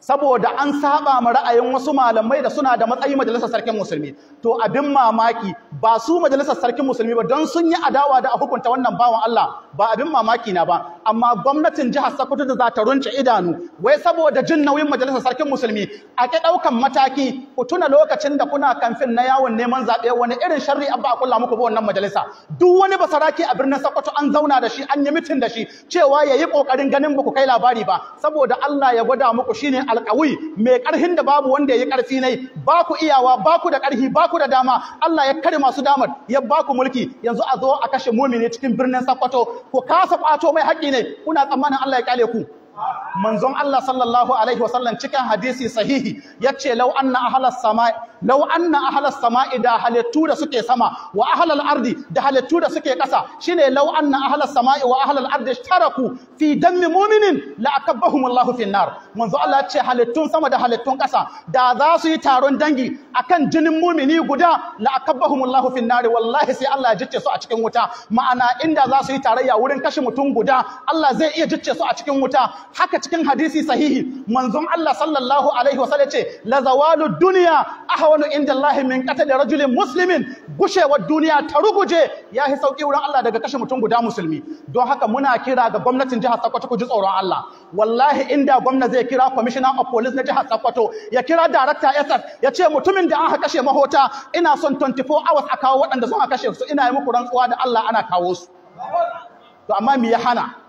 saboda an saba ma ra'ayin wasu malamai da suna da matsayi majalisar sarkin musulmi to abin mamaki ba su majalisar sarkin musulmi ba don sun yi adawa da a hukunta wannan bawan Allah ba abin mamaki na ba amma gwamnatin jihar Sokoto da za ta runce idanu wai saboda jin nauyin majalisar sarkin musulmi a ke daukan mataki ku tuna lokacin da kuna kamfin na yawon neman zaɓe wani irin sharri an ba a kulla muku ba wannan majalisa duk wani basaraki a birnin Sokoto an zauna da shi an yi mitin da shi cewa yayi kokarin ganin ba ku kai labari ba saboda Allah ya gwada muku shine alƙawi mai ƙarfin da babu wanda ya yi ƙarfi ne ba ku iyawa ba ku da ƙarfi ba ku da dama Allah ya kare masu damar ya ba ku mulki yanzu a zo a kashe mumini cikin birnin Sokoto ku kasa ƙwato mai haƙƙi ne kuna tsammanin Allah ya ƙyale ku manzon Allah sallallahu alaihi wasallam cikin hadisi sahihi yace law anna ahlas samai law anna ahlas samai da halittu da suke sama wa ahlal ardi da halittu da suke kasa shine law anna ahlas samai wa ahlal ardi taraku fi dammi mu'minin la akabbahum Allahu fi nar manzon Allah yace halittun sama da halittun kasa da za su yi taron dangi akan jinin mu'mini guda la akabbahum Allahu fi nar wallahi sai Allah ya jicce su a cikin wuta ma'ana inda za su yi tarayya wurin kashe mutum guda Allah zai iya jicce su a cikin wuta haka cikin hadisi sahihi manzon Allah sallallahu alaihi wa sallam ce la zawalu dunya ahwanu inda Allah min qatl rajulin muslimin gushewar duniya ta ruguje yahi sauki wurin Allah daga kashe mutum guda musulmi don haka muna kira ga gwamnatin jihar Sokoto ku ji tsoron Allah wallahi inda gwamna zai kira commissioner of police na jihar Sokoto ya kira director SF ya ce mutumin da aka kashe mahota ina son 24 hours a kawo waɗanda sun kashe su ina yi muku rantsuwa da Allah ana kawo su to amma me ya hana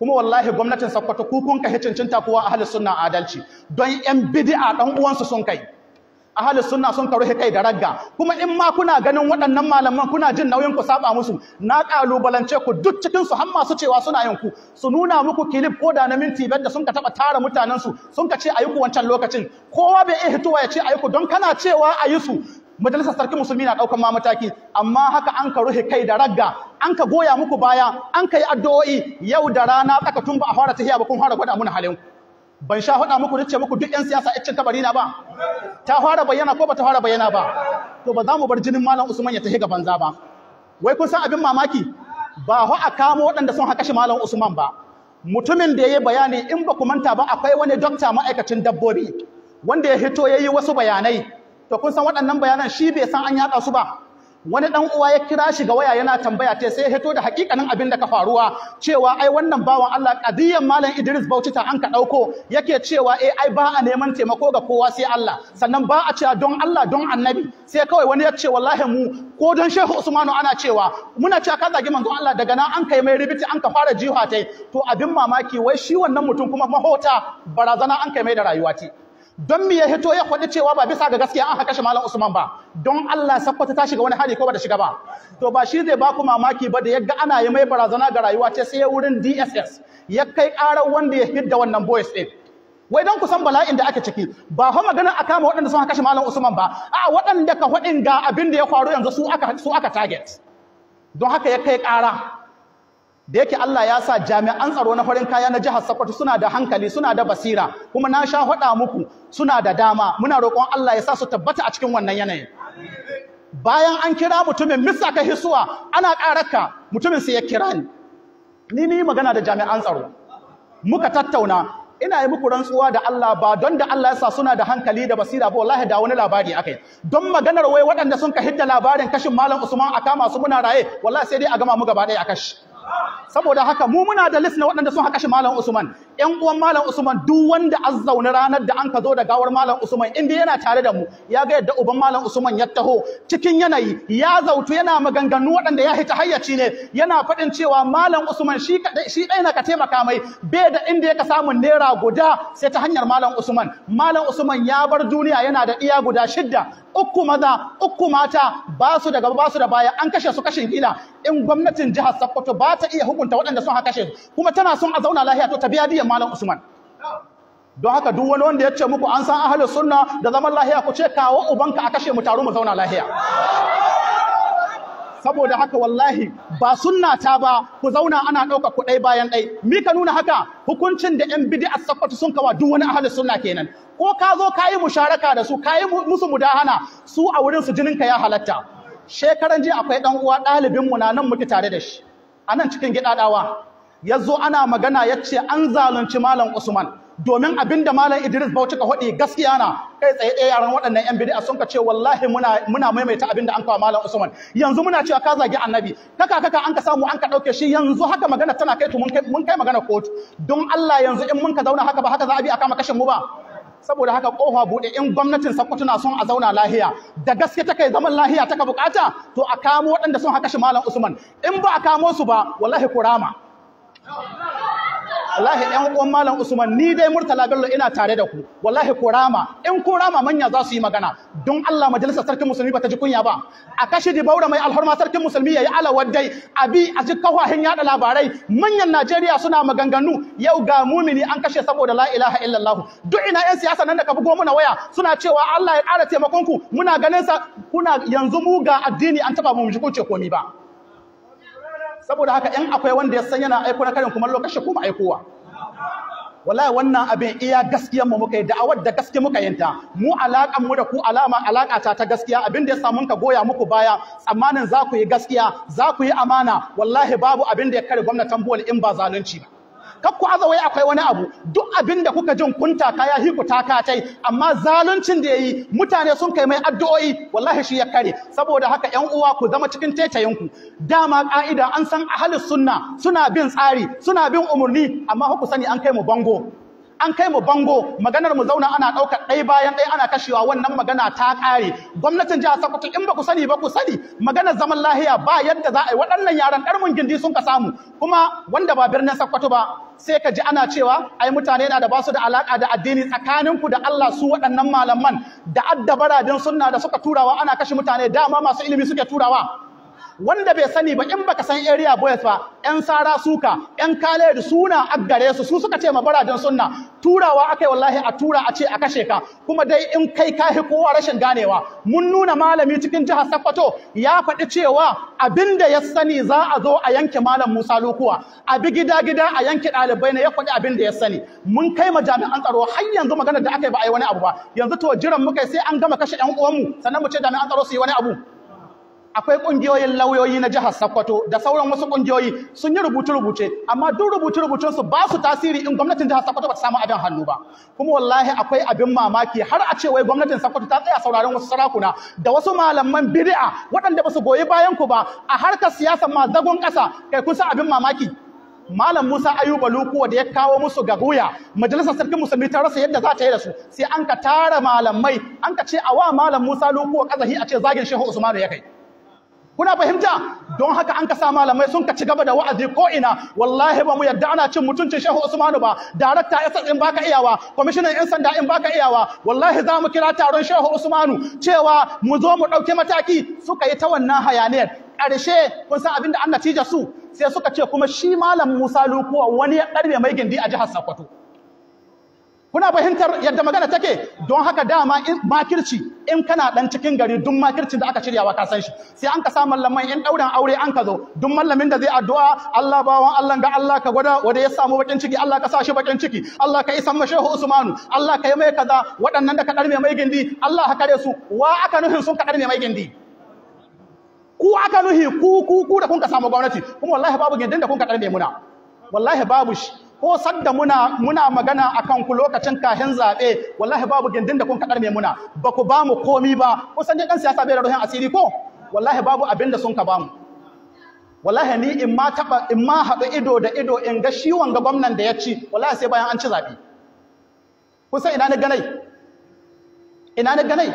kuma wallahi gwamnatin Sakkwato kukun kun kai cancanta kuwa ahlus sunna adalci don yan bidi'a ɗan uwansu sun kai ahlus sunna sun karuhe kai da ragga kuma in ma kuna ganin waɗannan malaman kuna jin nauyin ku saba musu na kalubalance ku duk cikin su har masu cewa suna yanku. su nuna muku kilif ko da na minti biyar da sun ka taba tara mutanen su sun ka ce ayi ku wancan lokacin kowa bai iya hitowa ya ce ayi ku don kana cewa ayi su majalisar sarkin musulmi na daukan ma mataki amma haka an ka ruhe kai da ragga an ka goya muku baya an ka yi addu'o'i yau da rana tsaka tun ba a fara tahiya ba kun fara gwada muna halin ban sha hada muku nace muku duk yan siyasa iccin kabari na ba ta fara bayyana ko ba ta fara bayyana ba to ba za mu bar jinin malam Usman ya tahi ga banza ba wai kun san abin mamaki ba ho a kamo waɗanda sun haka shi malam Usman ba mutumin da ya yi bayani in ba ku manta ba akwai wani dokta ma'aikacin dabbobi wanda ya hito ya yi wasu bayanai to kun san waɗannan bayanan shi bai san an yaɗa su ba wani dan uwa ya kira shi ga waya yana tambaya ta sai ya hito da hakikanin abin da ka faruwa cewa ai wannan bawan Allah kadiyan malam Idris Bauchi ta an ka dauko yake cewa eh ai ba a neman taimako ga kowa sai Allah sannan ba a cewa don Allah don Annabi sai kawai wani ya ce wallahi mu ko don Shehu Usmanu ana cewa muna cewa ka zagi manzo Allah daga nan an kai mai ribiti an ka fara jiha tai to abin mamaki wai shi wannan mutum kuma mahota barazana an kai mai da rayuwa don me ya hito ya kwada cewa ba bisa ga gaskiya an haka shi malam Usman ba don Allah sakwata ta shiga wani hari ko ba ta shiga ba to ba shi zai baku ku mamaki ba da ga ana yi mai barazana ga rayuwa ce sai wurin DSS ya kai karar wanda ya hidda wannan boys ɗin wai don ku san bala'in da ake ciki ba fa magana a kama waɗanda sun haka shi malam Usman ba a waɗanda ka faɗin ga abin da ya faru yanzu su aka su aka target don haka ya kai ƙara da yake Allah ya sa jami'an tsaro na farin kaya na jihar Sokoto suna da hankali suna da basira kuma na sha faɗa muku suna da dama muna roƙon Allah ya sa su tabbata a cikin wannan yanayin bayan an kira mutumin misa ka hisuwa ana ƙararka mutumin sai ya kira ni ni ni magana da jami'an tsaro muka tattauna ina yi muku rantsuwa da Allah ba don da Allah ya sa suna da hankali da basira ba wallahi da wani labari akai don maganar wai waɗanda sun ka hidda labarin kashin malam Usman aka masu muna raye wallahi sai dai a gama mu gaba ɗaya a kashi saboda haka mu muna da list na waɗanda sun haka shi malam Usman yan uwan malam usman duk wanda an zauna ranar da an ka zo da gawar malam usman inda yana tare da mu ya ga yadda uban malam usman ya taho cikin yanayi ya zautu yana maganganu waɗanda ya hita hayyaci ne yana faɗin cewa malam usman shi kaɗai shi na ka taimaka mai bai da inda ya ka samu naira guda sai ta hanyar malam usman malam usman ya bar duniya yana da iya guda shidda uku maza uku mata ba su da gaba ba su da baya an kashe su kashin gila in gwamnatin jihar Sokoto ba ta iya hukunta waɗanda sun haka kashe kuma tana son a zauna lahiya to ta biya diyan malam Usman don haka duk wani wanda ya ce muku an san ahlus sunna da zaman lahiya ku ce kawo ubanka a kashe mu taro mu zauna lahiya saboda haka wallahi ba sunna ta ba ku zauna ana ɗauka ku ɗai bayan ɗai mi ka nuna haka hukuncin da yan bid'a sabbata sun kawa duk wani ahlus sunna kenan ko ka zo ka yi musharaka da su ka yi musu mudahana su a wurin su jininka ya halatta shekaran jiya akwai ɗan uwa ɗalibin mu na nan muke tare da shi a nan cikin gidadawa ya zo ana magana ya ce an zalunci malam usman domin abin da malam Idris Bauchi ka hodi gaskiya na kai tsaye ɗaya eh, yaran waɗannan yan bid'a sun ka ce wallahi muna muna maimaita abin da an kawo malam Usman yanzu muna cewa ka zagi annabi kaka kaka an ka samu an ka dauke shi yanzu haka magana tana kai to mun kai magana kotu don Allah yanzu in mun ka zauna haka ba haka za a bi a kama kashin mu ba saboda haka kofa bude in gwamnatin Sokoto na son a zauna lahiya da gaske take zaman lahiya take bukata to a kamo waɗanda sun haka shi malam Usman in ba a kamo su ba wallahi kurama wallahi ɗan uwan malam usman ni dai murtala bello ina tare da ku wallahi ku rama in ku rama manya za su yi magana don Allah majalisar sarkin musulmi bata ji kunya ba a kashi baura mai alhorma sarkin musulmi yayi alawar dai abi a ji kawahin yada labarai manyan Najeriya suna maganganu yau ga mumini an kashe saboda la ilaha illallah duk ina yan siyasa nan da ka bugo muna waya suna cewa Allah ya ƙara taimakon ku muna ganin sa kuna yanzu mu ga addini an taba mu ji kuce komai ba saboda haka in akwai wanda ya san yana aiko na karin kumallo kashe kuma aikowa wallahi wannan abin iya gaskiyar mu muka yi da'awar da gaske muka yinta mu alakan mu da ku alama alaka ta ta gaskiya abin da ya samu ka goya muku baya tsammanin za ku yi gaskiya za ku yi amana wallahi babu abin da ya kare gwamnatin bol in ba zalunci ba kar ku aza wai akwai wani abu duk abin da kuka jin kunta ka ya hiku ka tai amma zaluncin da yayi mutane sun kai mai addu'o'i wallahi shi ya kare saboda haka ƴan uwa ku zama cikin taitayinku dama ka'ida an san ahlus sunna suna bin tsari suna bin umurni amma ku sani an kai mu bango an kai mu bango maganar mu zauna ana ɗaukar ɗaya bayan ɗaya ana kashewa wannan magana ta ƙare gwamnatin jihar Sokoto in ba ku sani ba ku sani maganar zaman lahiya ba yadda za a yi waɗannan yaran ɗan mun gindi sun ka samu kuma wanda ba birnin Sokoto ba sai ka ji ana cewa ai mutane na da ba da alaka da addini tsakanin ku da Allah su waɗannan malaman da addabaradin sunna da suka turawa ana kashe mutane dama masu ilimi suke turawa wanda bai sani ba in baka san area boys ba yan sara suka yan kale suna aggare su su suka ce ma baradan sunna turawa akai wallahi a tura a ce a kashe ka kuma dai in kai ka hi kowa rashin ganewa mun nuna malami cikin jihar Sokoto ya faɗi cewa abinda ya sani za a zo a yanke malam Musa Lokuwa a bi gida gida a yanke ɗalibai ne ya faɗi abinda ya sani mun kai ma jami'an tsaro har yanzu magana da aka yi ba a yi wani abu ba yanzu to jiran muka sai an gama kashe ƴan uwanmu sannan mu ce jami'an tsaro su yi wani abu akwai ƙungiyoyin lauyoyi na jihar Sokoto da sauran wasu kungiyoyi sun yi rubutu rubuce amma duk rubuce-rubucen su ba su tasiri in gwamnatin jihar Sokoto ba ta samu abin hannu ba kuma wallahi akwai abin mamaki har a ce wai gwamnatin Sokoto ta tsaya sauraron wasu sarakuna da wasu malaman bid'a waɗanda ba su goyi bayan ku ba a harkar siyasa ma zagon ƙasa kai kun san abin mamaki Malam Musa Ayuba Lukuwa da ya kawo musu gaguya majalisar sarkin musulmi ta rasa yadda za ta yi da su sai an ka tara malamai an ka ce a wa Malam Musa Lukuwa kazahi a ce zagin Shehu Usman ya kai kuna fahimta don haka an kasa malamai sun ka ci gaba da wa'azi ko ina wallahi ba mu yadda ana cin mutuncin Shehu Usmanu ba darakta san in baka iyawa kwamishinan yan sanda in baka iyawa wallahi za mu kira taron Shehu Usmanu cewa mu zo mu dauke mataki suka yi ta wannan hayaniyar ƙarshe kun san abin da an natija su sai suka ce kuma shi malam Musa Lukuwa wani ya karbe mai gindi a jihar Sokoto kuna fahimtar yadda magana take don haka dama in makirci in kana dan cikin gari duk makircin da aka shiryawa ka san shi sai an ka sa mallamai in dauran aure an ka zo duk mallamin da zai addu'a Allah bawan Allah ga Allah ka gwada wanda ya samu bakin ciki Allah ka sa shi bakin ciki Allah ka isan mashehu Usman Allah ka yi mai kaza waɗannan da ka darme mai gindi Allah ka kare su wa aka nufin sun ka darme mai gindi ku aka nuhi ku ku ku da kun ka samu gwamnati kuma wallahi babu gindin da kun ka darme muna wallahi babu shi ko sadda muna muna magana akan ku lokacin kahin zabe wallahi babu gindin da kun kadar mai muna ba ku ba mu komi ba ko san dan siyasa bai da ruhin asiri ko wallahi babu abin da sun ka ba mu wallahi ni in ma taba in ma haɗu ido da ido in ga shi wanga gwamnan da ya ci wallahi sai bayan an ci zabe sai ina ni ganai ina ni ganai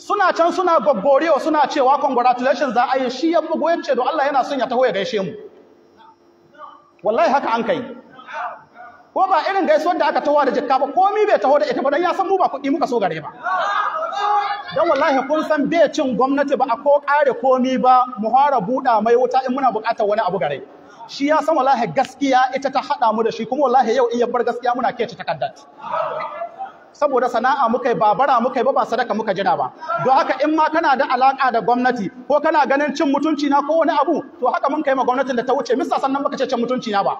suna can suna goggorewa suna cewa congratulations za a yi shi ya bugo yace do Allah yana son ya taho ya gaishe mu wallahi haka an kai ko ba irin gaisuwar da aka taho da jikka ba komi bai taho da ita ba dan ya san mu ba kuɗi muka so gare ba dan wallahi kun san bai cin gwamnati ba a ko kare komi ba mu fara buɗa mai wuta in muna buƙatar wani abu gare shi ya san wallahi gaskiya ita ta haɗa mu da shi kuma wallahi yau in ya bar gaskiya muna kece takaddat saboda sana'a muka yi babara muka yi ba ba sadaka muka jira ba don haka in ma kana da alaka da gwamnati ko kana ganin cin mutunci na ko wani abu to haka mun kai ma gwamnatin da ta wuce misa sannan muka ce cin mutunci na ba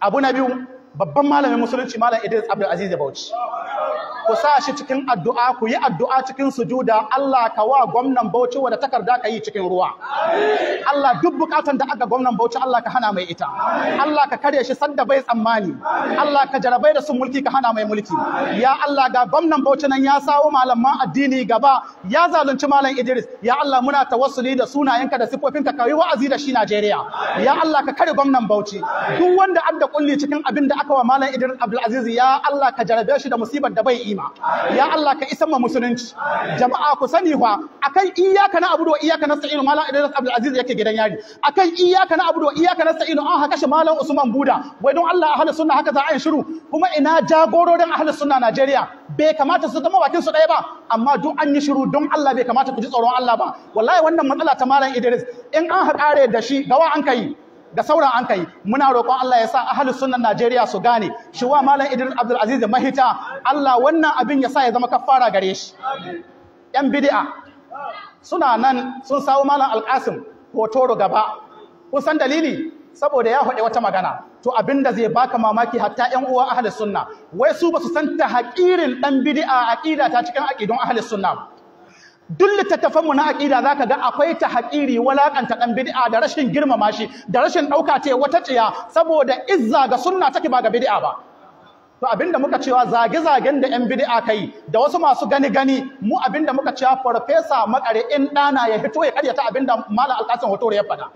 abu na biyu babban malamin musulunci malam idris abdul aziz da bauchi ku sa shi cikin addu'a ku yi addu'a cikin sujuda Allah ka wa gwamnan Bauchi wadda takarda ka yi cikin ruwa Allah duk bukatan da aka gwamnan Bauchi Allah ka hana mai ita Allah ka kare shi sanda bai tsammani Allah ka jarabai da sun mulki ka hana mai mulki ya Allah ga gwamnan Bauchi nan ya sawo malaman addini gaba ya zalunci malam Idris ya Allah muna tawassuli da sunayenka da sifofinka ka yi wa'azi da shi Najeriya ya Allah ka kare gwamnan Bauchi duk wanda adda kulli cikin abin da aka wa malam Idris Abdulaziz ya Allah ka jarabe shi da musibar da bai imani muslima ya Allah ka isan ma musulunci jama'a ku sani fa akan iyyaka na'budu wa iyyaka nasta'in malam Idris Abdul Aziz yake gidan yari akan iyyaka na'budu wa iyyaka nasta'in an haka shi malam Usman Buda wai don Allah ahlus suna haka za a yi shiru kuma ina jagororin ahlus sunna Najeriya bai kamata su zama bakin su ɗaya ba amma duk an yi shiru don Allah bai kamata ku ji tsoron Allah ba wallahi wannan matsala ta malam Idris in an haƙare da shi gawa an kai da sauran an kai muna roƙon Allah ya sa ahlus sunna Najeriya su gane shi wa malam Idris Abdul Aziz mahita Allah wannan abin ya sa ya zama kafara gare shi yan bid'a suna nan sun sawo malam Alƙasim hoto gaba kun san dalili saboda ya haɗe wata magana to abinda zai baka mamaki hatta 'yan uwa ahlus sunna wai su ba su san ta haƙirin dan bid'a aqida ta cikin aqidun ahlus sunna duk littattafan mu na aqida zaka ga akwai ta tahqiri walaƙanta ɗan bid'a da rashin girmama shi da rashin ɗauka ce wata tsiya saboda izza ga sunna take ba ga bid'a ba to abinda muka cewa zage-zagen da 'yan bid'a kai da wasu masu gani-gani mu abinda muka cewa farfesa makare in ɗana ya fito ya karyata abinda malam alƙasin hotore ya faɗa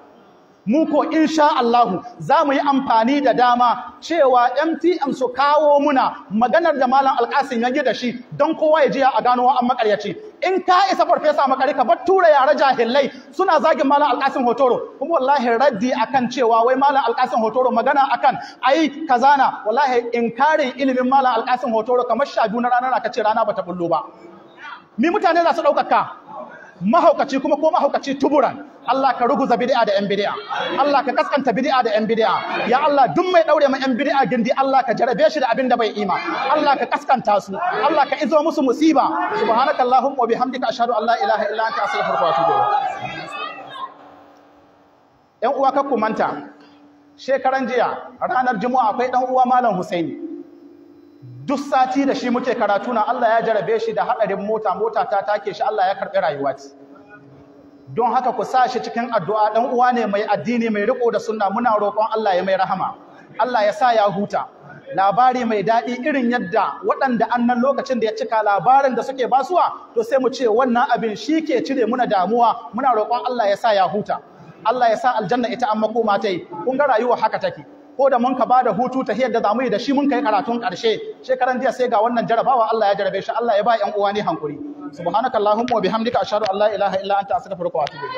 mu ko insha Allahu za mu yi amfani da dama cewa MTM su kawo muna maganar da malam alƙasin ya yi da shi don kowa ya jiya a gano an makaryaci in ka isa farfesa makari ka bar tura yara jahilai suna zagin malam alkasin hotoro kuma wallahi raddi akan cewa wai malam alkasin hotoro magana akan ai kazana wallahi kare ilimin malam alkasin hotoro kamar sha biyu na ranar aka ce rana bata bullo ba mi mutane za su ɗaukaka mahaukaci kuma ko mahaukaci tuburan Allah ka ruguza bid'a da yan bid'a Allah ka kaskanta bid'a da yan bid'a ya Allah duk mai daure ma yan bid'a gindi Allah ka jarabe shi da abin da bai ima Allah ka kaskanta su Allah ka izo musu musiba subhanakallahumma wa bihamdika ashhadu an la ilaha illa anta astaghfiruka wa atubu ilaik uwa ka kumanta shekaran jiya ranar juma'a akwai ɗan uwa malam Husaini duk sati da shi muke karatu na Allah ya jarabe shi da haɗarin mota mota ta take shi Allah ya karɓi rayuwa don haka ku sa shi cikin addu'a dan uwa ne mai addini mai riko da sunna muna roƙon Allah ya mai rahama Allah ya sa ya huta labari mai daɗi irin yadda waɗanda an nan lokacin da ya cika labarin da suke basuwa to sai mu ce wannan abin shi ke cire muna damuwa muna roƙon Allah ya sa ya huta Allah ya sa aljanna ita an makoma ta yi kun ga rayuwa haka take ko da mun ka ba da hutu ta hiyar da zamu yi da shi mun kai karatun ƙarshe shekaran jiya sai ga wannan jarabawa Allah ya jarabe shi Allah ya ba ƴan uwa ne hankuri subhanakallahumma wa bihamdika ashhadu an la ilaha illa anta astaghfiruka wa atubu